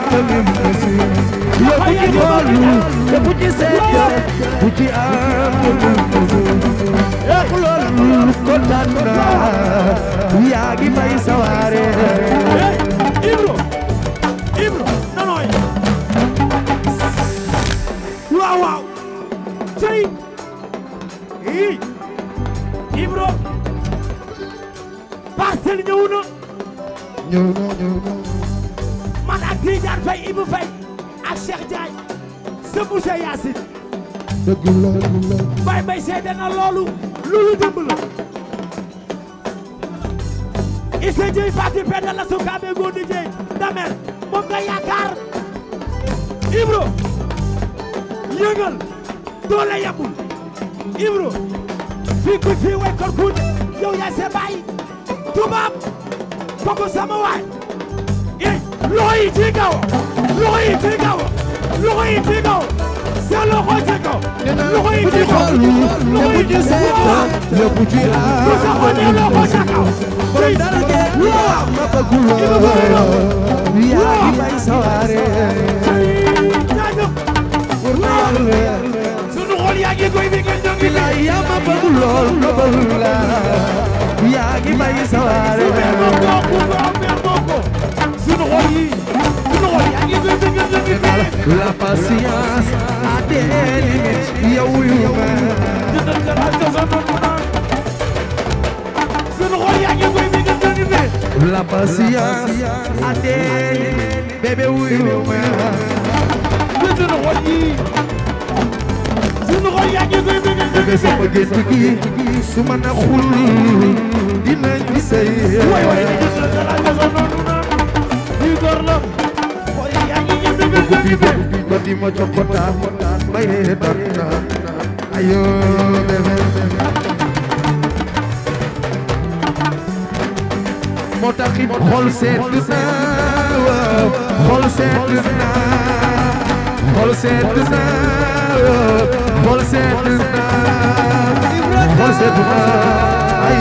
loolu bu ci seet bu ci am yàqu loolu kontaan naa yaa ngi may sawaare Ibro Ibro nanooy waaw waaw cey ii Ibro parcelle ñëw na ñëw na man ak Tidiane Faye Ibou Faye dëgg la bay bay seede na loolu loolu démb la Issa Dieye Faty Penda la Sokabé Ngoné Dieye Damel moom nga yaakaar Ibro yëngal doole yabul Ibro fii ku fii way kuuñ yow yaay see baay tubaab kooku sama waay eh loxo yi ci kaw loxo yi ci kaw loxo yi ci kaw sa loxo ca a loxo yi ci kaw loxo yi ci kaw lu sa xone loxo ca kaw kon dara ngeen loo ma bëggul loo yaa ngi may sawaare sunu xol yaa ngi koy bi ko jongi la ma bëggul lool ma bëggul la yaa ngi may sawaare la patience a des limites yow yu mel. la patience a des limites bébé yu mel. bébé sama gént gi su ma na xul dinañu sey. bëgg bii bëgg ba di ma jox ko taa may ne daan naa ayoo bébé moo tax it xol sedd waaw xol sedd na xol sedd waaw xol sedd na xol sedd na ay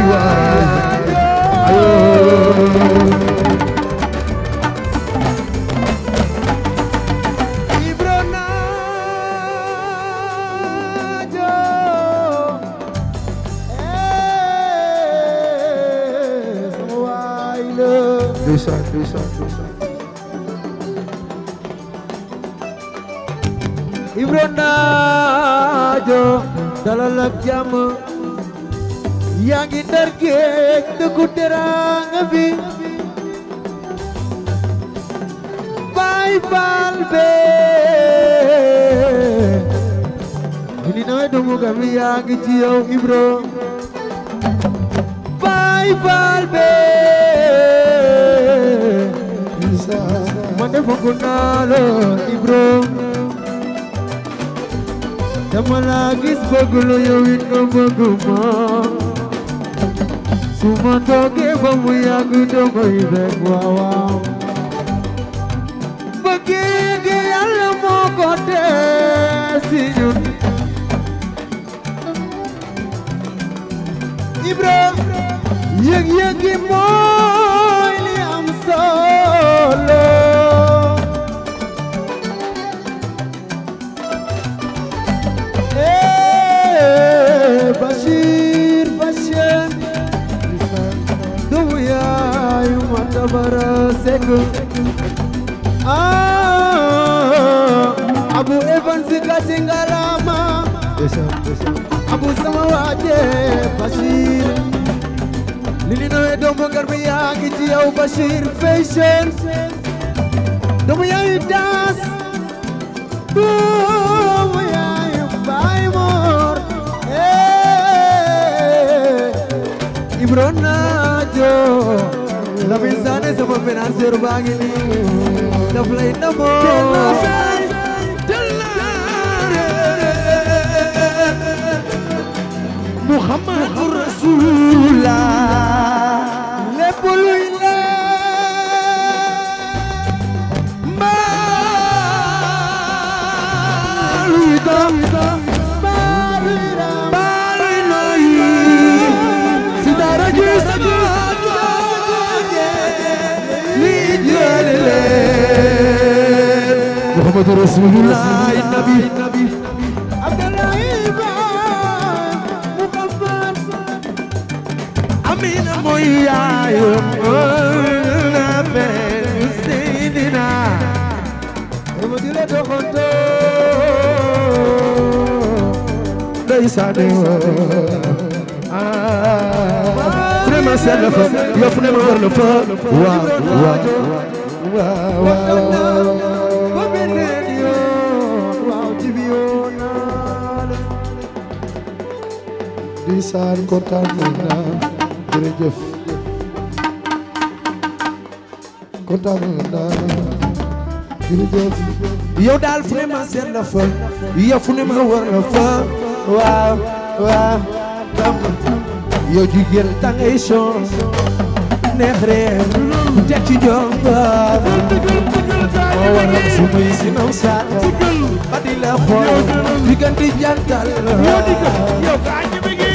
dalab jàmm yaa ngi ndar géej dëkku teraanga bi baay baal bee ini nooy dumu gami yaa ngi ci yow baay baal bee man de foog naa la ibro dama laa gis bëgg yow it nga bëgg ma su ma ba mu yàgg dogoy beeg waawaa ah Abu Evans Gasingalama Abu Samawaje Bashir lili nowe doomu garba yaa ngi ci yow Bashir Fashion doomu yaay daas doomu yaay baay moor eh Ibrona jo Lamine Sané sama financier baa ngi nii daf lay namoo Muhammad Rasul محمد رسول الله النبي عبد الله محمد أمين مويا يمنا بين سيدنا المدير دخلتو ليس عليه ma sell fa yof ne ma war la fa waaw waaw waaw waaw Sarr kontaan naa jërëjëf kontaan naa daal fu ne ma seet la fa yow fu ne ma war la fa waaw waaw yow jigéen da ngay neex rek teg ci jom ba moo waral su may si naw saata ba di la xool diggante jantal yow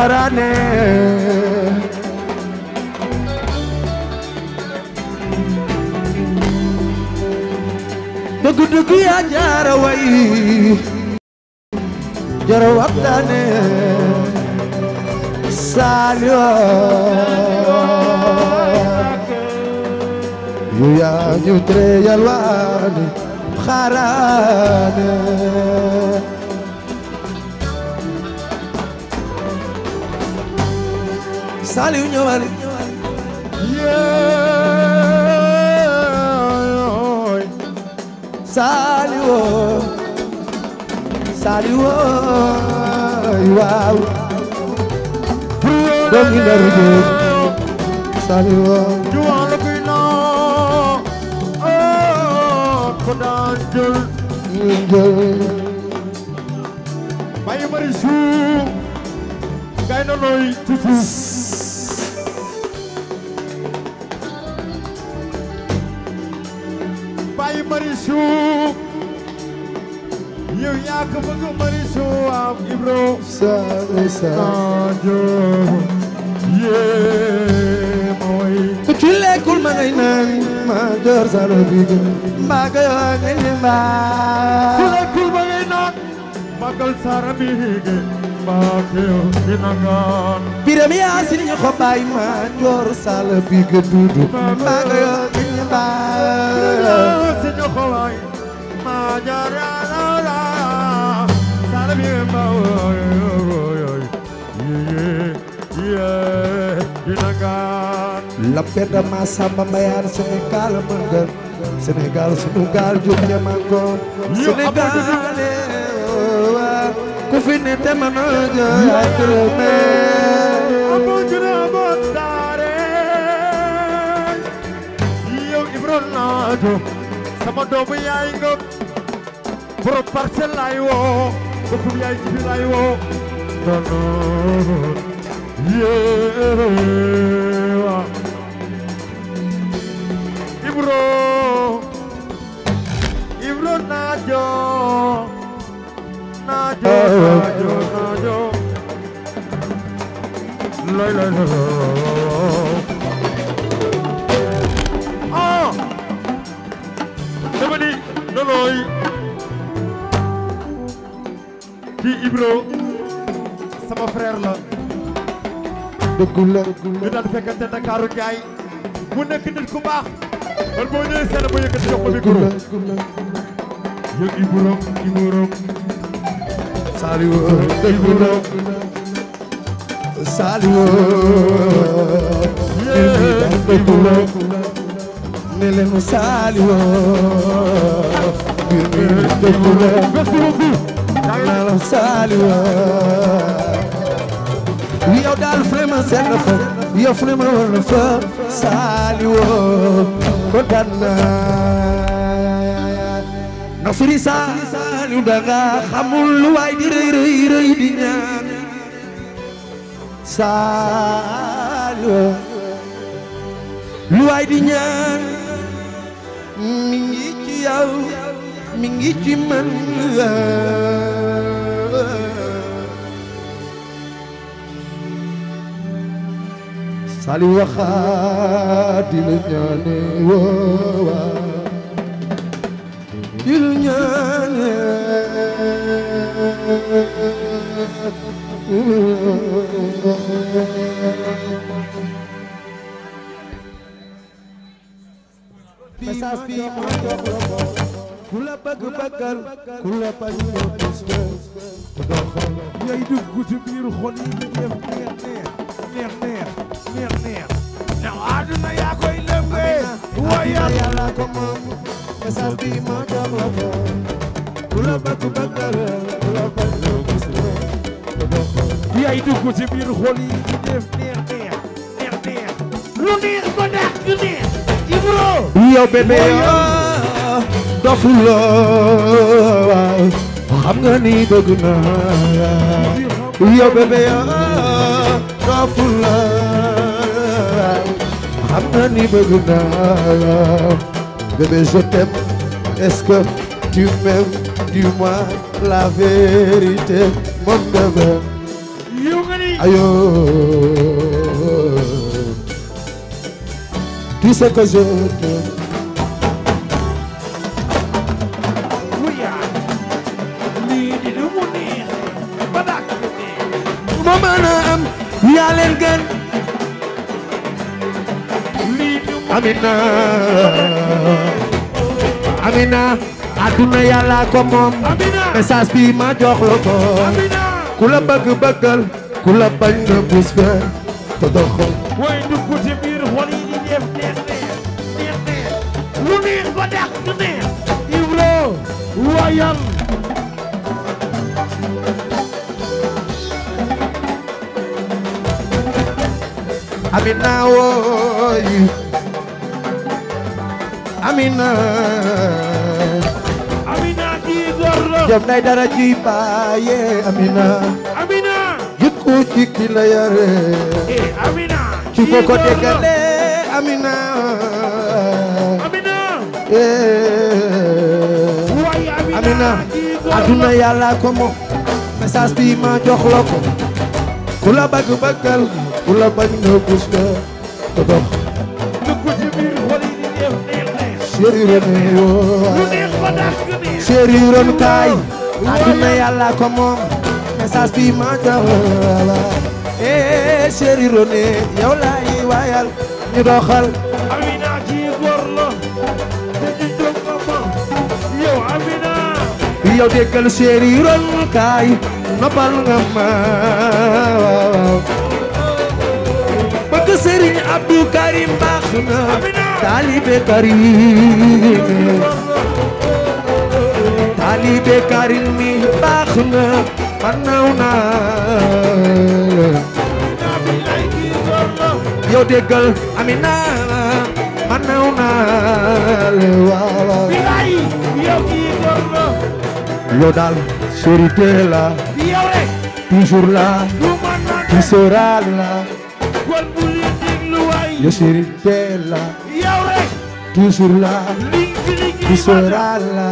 Mbarane dëgg dëgg yu yaa ñu tere Saliou ñëwal yéey Saliou Saliou waaw doomi Ndar Jóob Saliou juwal kuy naa ko daan jël jël baye mari suu gay na nooy ci suuf Marichou yow yaa ko bëgg Marichou am Ibro sa sa jo ye mooy ku ci lekkul ma ngay naan ma joor sa lo bi ma ga yo ngay ma ku lekkul ma ngay naan ma gal sa rabi ge biram si ñu ko bàyyi ma joor sal bi nga dudu maa nga yoo si ñu si ñu la pedda ma samba mbayaan Sénégal mën nga Sénégal sunu ku fi ne te mën a jëlaat réew mi. amoo jëlee amoo saare. yow Ibrahima naa jóg. sama doomu yaay nga. borom parcelle laay woo. boppam yaay jibi laay woo. non non. yéen waa. Ibro. Ibro ñu daan fekkante Ndakaaru Njaay mu nekk nit ku baax man boo ñëwee seen ba yëkkati jox ko micro yëg Ibro Ibro Saliou déglu na Saliou déglu na ne leen Saliou déglu na naa la Saliou yow daal vraiment seen na fa yow vraiment war na fa Saliou kontaan naa Nasri Saliou nañu danga xamul lu waay di rëy di ñaan Saliou lu waay di ñaan mi ngi ci yow mi ngi ci man di la ñaane woowaa di la ñaane message bi ma jox la ko ku la ku la bañ di def neex neex neex neex ndax àdduna yaa koy lëmbee waaye yàlla ko moom message bi ma jox la ko ku la bëgg bëggal yaay dugg ci biir xol yi di def neex neex neex neex lu neex ba dàq lu neex Ibro yow bébé ni bëgg naa yow bébé yaa dofuloo xam nga ni bëgg naa bébé je t'aime est tu m'aimes dis-moi la vérité mon ayo tu sais que je t'aime yaa leen gën Amina Amina àdduna yàlla ko moom message bi ma jox la ko ku la bëgg bëggal ku la bañ na bus fee te doxal way dugg ci biir xol yi di def neex neex neex lu neex ba dàq du neex Ibro wayal Amina woy Amina Amina di góor jëm nay dara ji bàyye Amina ko ci ki yare ci fo ko amina amina eh amina aduna yàlla ko moom message bi ma jox ku la bëgg bëggal ku la bañ nga gus la ko dox chéri ron oh. yo chéri ron kaay aduna yàlla ko moom message bi ma jàllale eh, eh chéri Roné yow laay waayal ñu doxal. Amina ji góor la te ñu jóg ma yow Amina. yow déggal chéri Roné kaay noppal nga ma waaw. bëgg Sëriñ Abdou Karim baax na. Amina taalibe Karim. taalibe Karim mi baax na. fanaw naa yow déggal Amina fanaw naa le waaw bilaay yow kii góor la loo daal chéri te la yow rek toujours là tu seras là kon bu leen déglu waay yow chéri te la yow rek toujours là tu seras là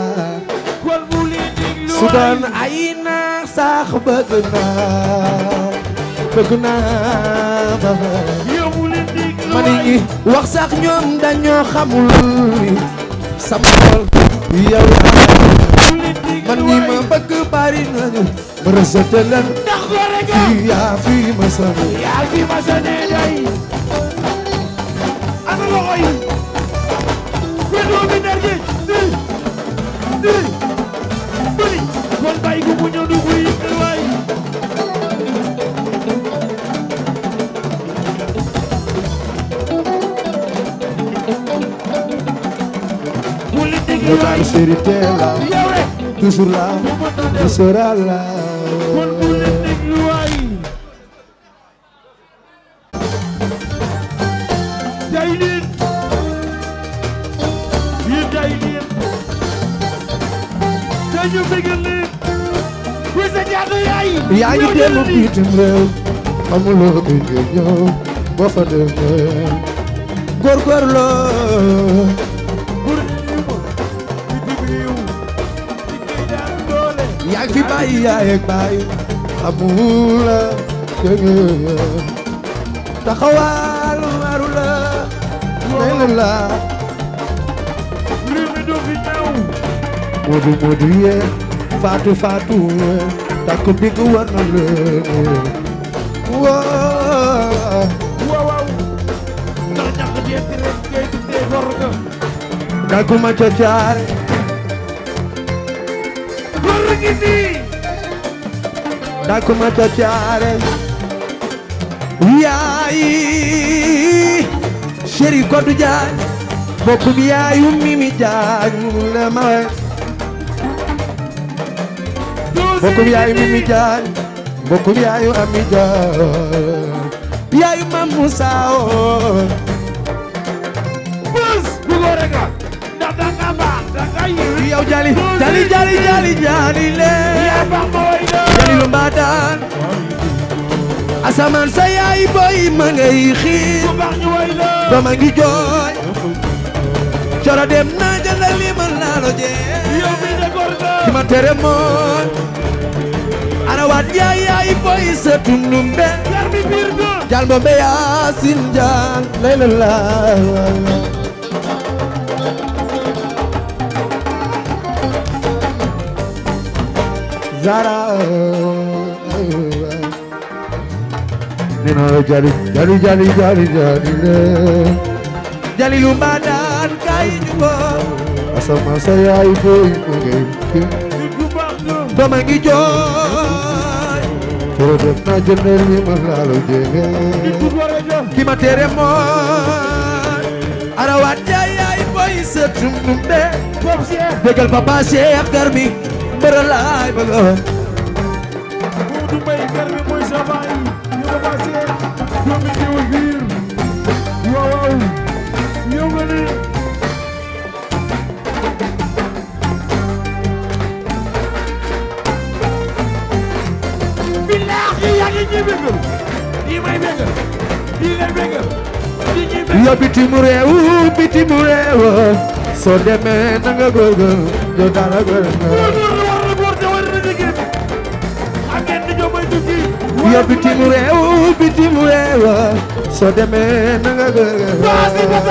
kon bu leen déglu waay su doon ay naa sax bëgg naa bëgg naa ba ma nit ñi wax sax ñoom dañoo xamul sama xol yow man ñi ma bëgg bari nañu ma rësate leen yaa fi ma sane yaa fi ma sane day Le bal chéri t'es là toujours là tu seras amuloo bi nga ñëw boo fa demee góorgóorloo yàgbé báyìí àyẹ̀gbá yìí àmúlẹ̀ yẹ̀yẹ̀ taxawaal arula mel la. lii mi dugg ñëw. Modou Modou ye Fatou Fatou ye takk bi nga war na leen. waaw. waaw. ndax ñax bi yéen di leen ngay dundee lor nga. daguma ca caare. Gor ngi nii daa ko ma toccaare yaay chéri Kodou Diagne bokkum yaayu Mimi Diagne mu la ma bokkum yaayu Mimi Diagne bokkum yaayu Ami Diagne yaayu Mam yow jali jali jali jali jali le jali lu mbataan yaay boy ma ngay xiir ba ma ngi jooy dem naa jëndal li ma laalo jeex ki ma tere mooy waat yaay yaay boy sa tundum be jal bombe yaasin jaan lay la Zara nena jali jali jali jali jali le jali lu badan kay jugo asama saya ibu ibu ngi dama ngi jooy kero def na jëndal ni ma lalu jege ki ma tere mooy arawat jaya ibu isetum numbe dégal papa Cheikh Garmi mbëra laay bëgg Moodu Mbay gar bi mooy sa baay ñu ko passé doomi diw biir waaw waaw ñëw nga ni billaahi yaa ngi ñuy bëgg lii may bëgg lii lay bëgg yo bitim réew bitim réew soo demee na nga bëgg do yow bitim réew bitim réew soo demee na nga bëgg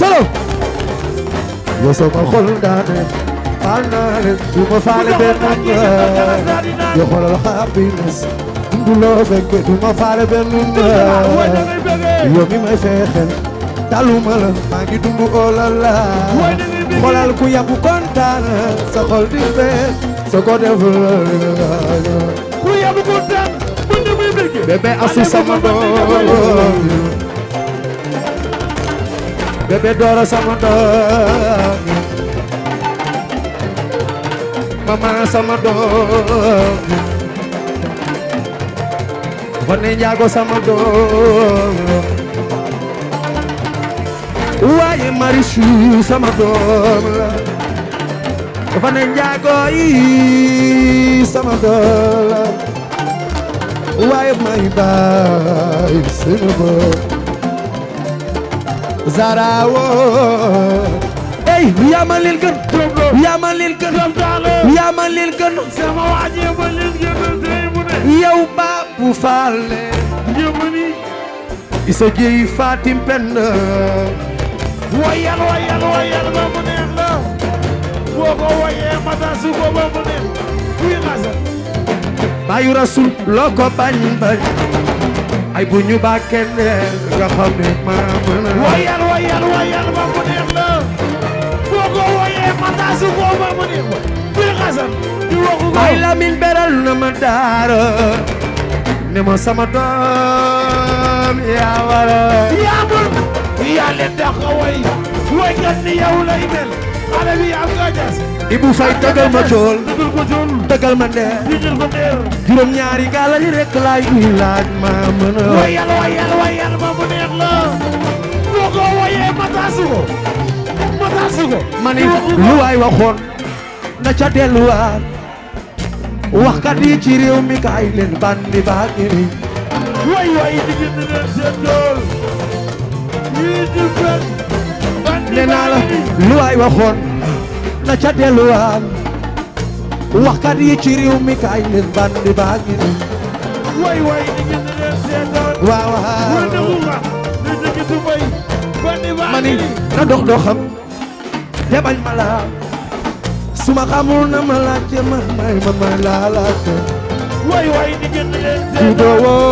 solo yow sama xol daane baal naa leen du ma faale benn nga yow xoolal happiness du loo fekk du ma faale benn nga yow mi may fexeel daluma la maa ngi dund olala oh xoolal ku yàgg kontaan sa xol di feex soo ko def ku yabu ko tan bu ñu muy bëgg bébé asu sama doom bébé doora sama doom mama sama doom Fane Njaago sama doom waaye Marichou sama doom la dafa ne njaago yi sama dola waaye may baay sama ey yaa ma lil gën yaa ma lil gën yaa ma lil gën sama waaji ma lil gën yow baabu faale jëmani isa jeey fatim penn wayal wayal mu neex la boo ko woyee matasu booba mu ne kuy xasal baayu rasul loo ko bañ bañ ay bu ñu ba kenn nga xam ne maa mën a woyal woyal woyal ba mu neex la boo ko woyee matasu booba mu ne kuy xasal ñu waxu ko ay lamin beral na ma daara ne ma sama doom yaa wara yaa mul yaa leen dàq way way kat ni yow lay mel Ibou Faye tëggal ma jool tëggal ma ndeer juróom ñaari gaal lañu rekk laay ñuy ma mën a way yàlla way yàlla way yàlla ma la loo wayee mataasu ko ma ni lu waay waxoon na ca delluwaat waxkat yi ci réew mi kaay leen bandi baa ngi ni way way digin na leen seen jool yii di fen bandi baa ngi ni nee naa la lu waay waxoon na ca delluwaat waxkat yi ci réew mi kaay leen bandi way way di leen seetaan waaw waaw ni dëgg du may bandi na dox doxam bañ ma laal su ma xamul na ma laajte man may ma ma laa laajte way way ni ngeen di leen seetaan du doowoo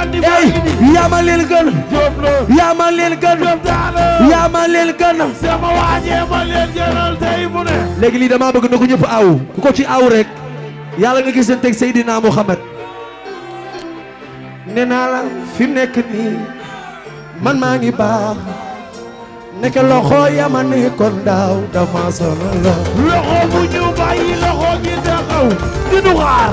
ey yaa ma leen gën yaa ma leen gën yaa ma leen gën léegi lii damaa bëgg na ko ñëpp aw ku ko ci aw rek yàlla nga gisante ak Seydina Muhammad nee naa la fi mu nekk nii man maa ngi baax nekk loxo yama ne kon daaw dama sonal loxo bu ñu bàyyi loxo gi taxaw di nu xaar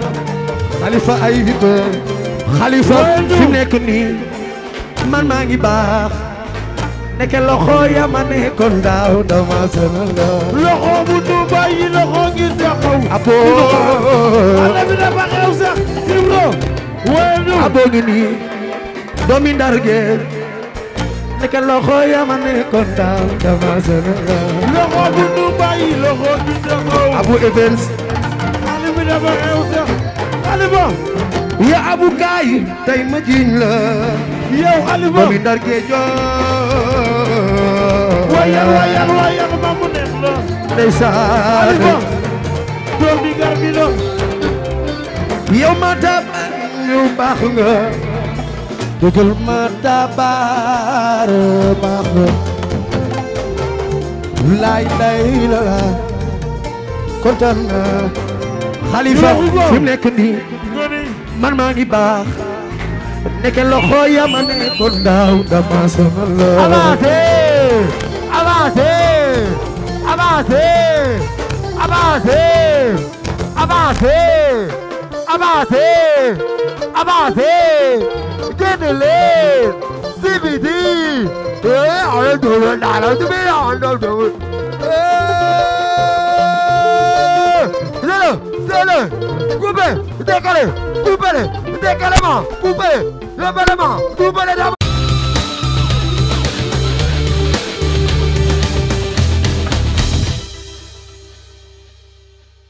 xalifa ay vite xalifa fi nekk nii man maa ngi baax nekk loxo ya ma nekkoon daaw dama sonal la loxo bu nu bàyyi loxo ngi taxaw abo ala bi dafa xew sax ibro wenu abo ngi nii doomi ndar geer nekk loxo ya ma nekkoon daaw dama sonal la loxo bu nu bàyyi loxo ngi taxaw abo events ala bi dafa xew sax Xalifa ya abu kaay tey ma jiñ la yow Xalifa ba mi ndar gee joo wayal wayal wayal ma mu neex la ndeysaan Xalifa doom bi gar bi la yow ma taabaan yow baax nga dëggal ma taabaar baax nga laay lay la la kontaan naa xalifa fi nekk nii man maa ngi baax nekke loxo ya ma ne ko ndaw dama sonal la avancé avancé avancé avancé avancé avancé avancé génn leen si biti ee Coupez-le Coupez Décalez Coupez-le Décalez-moi Coupez Levez les mains Coupez les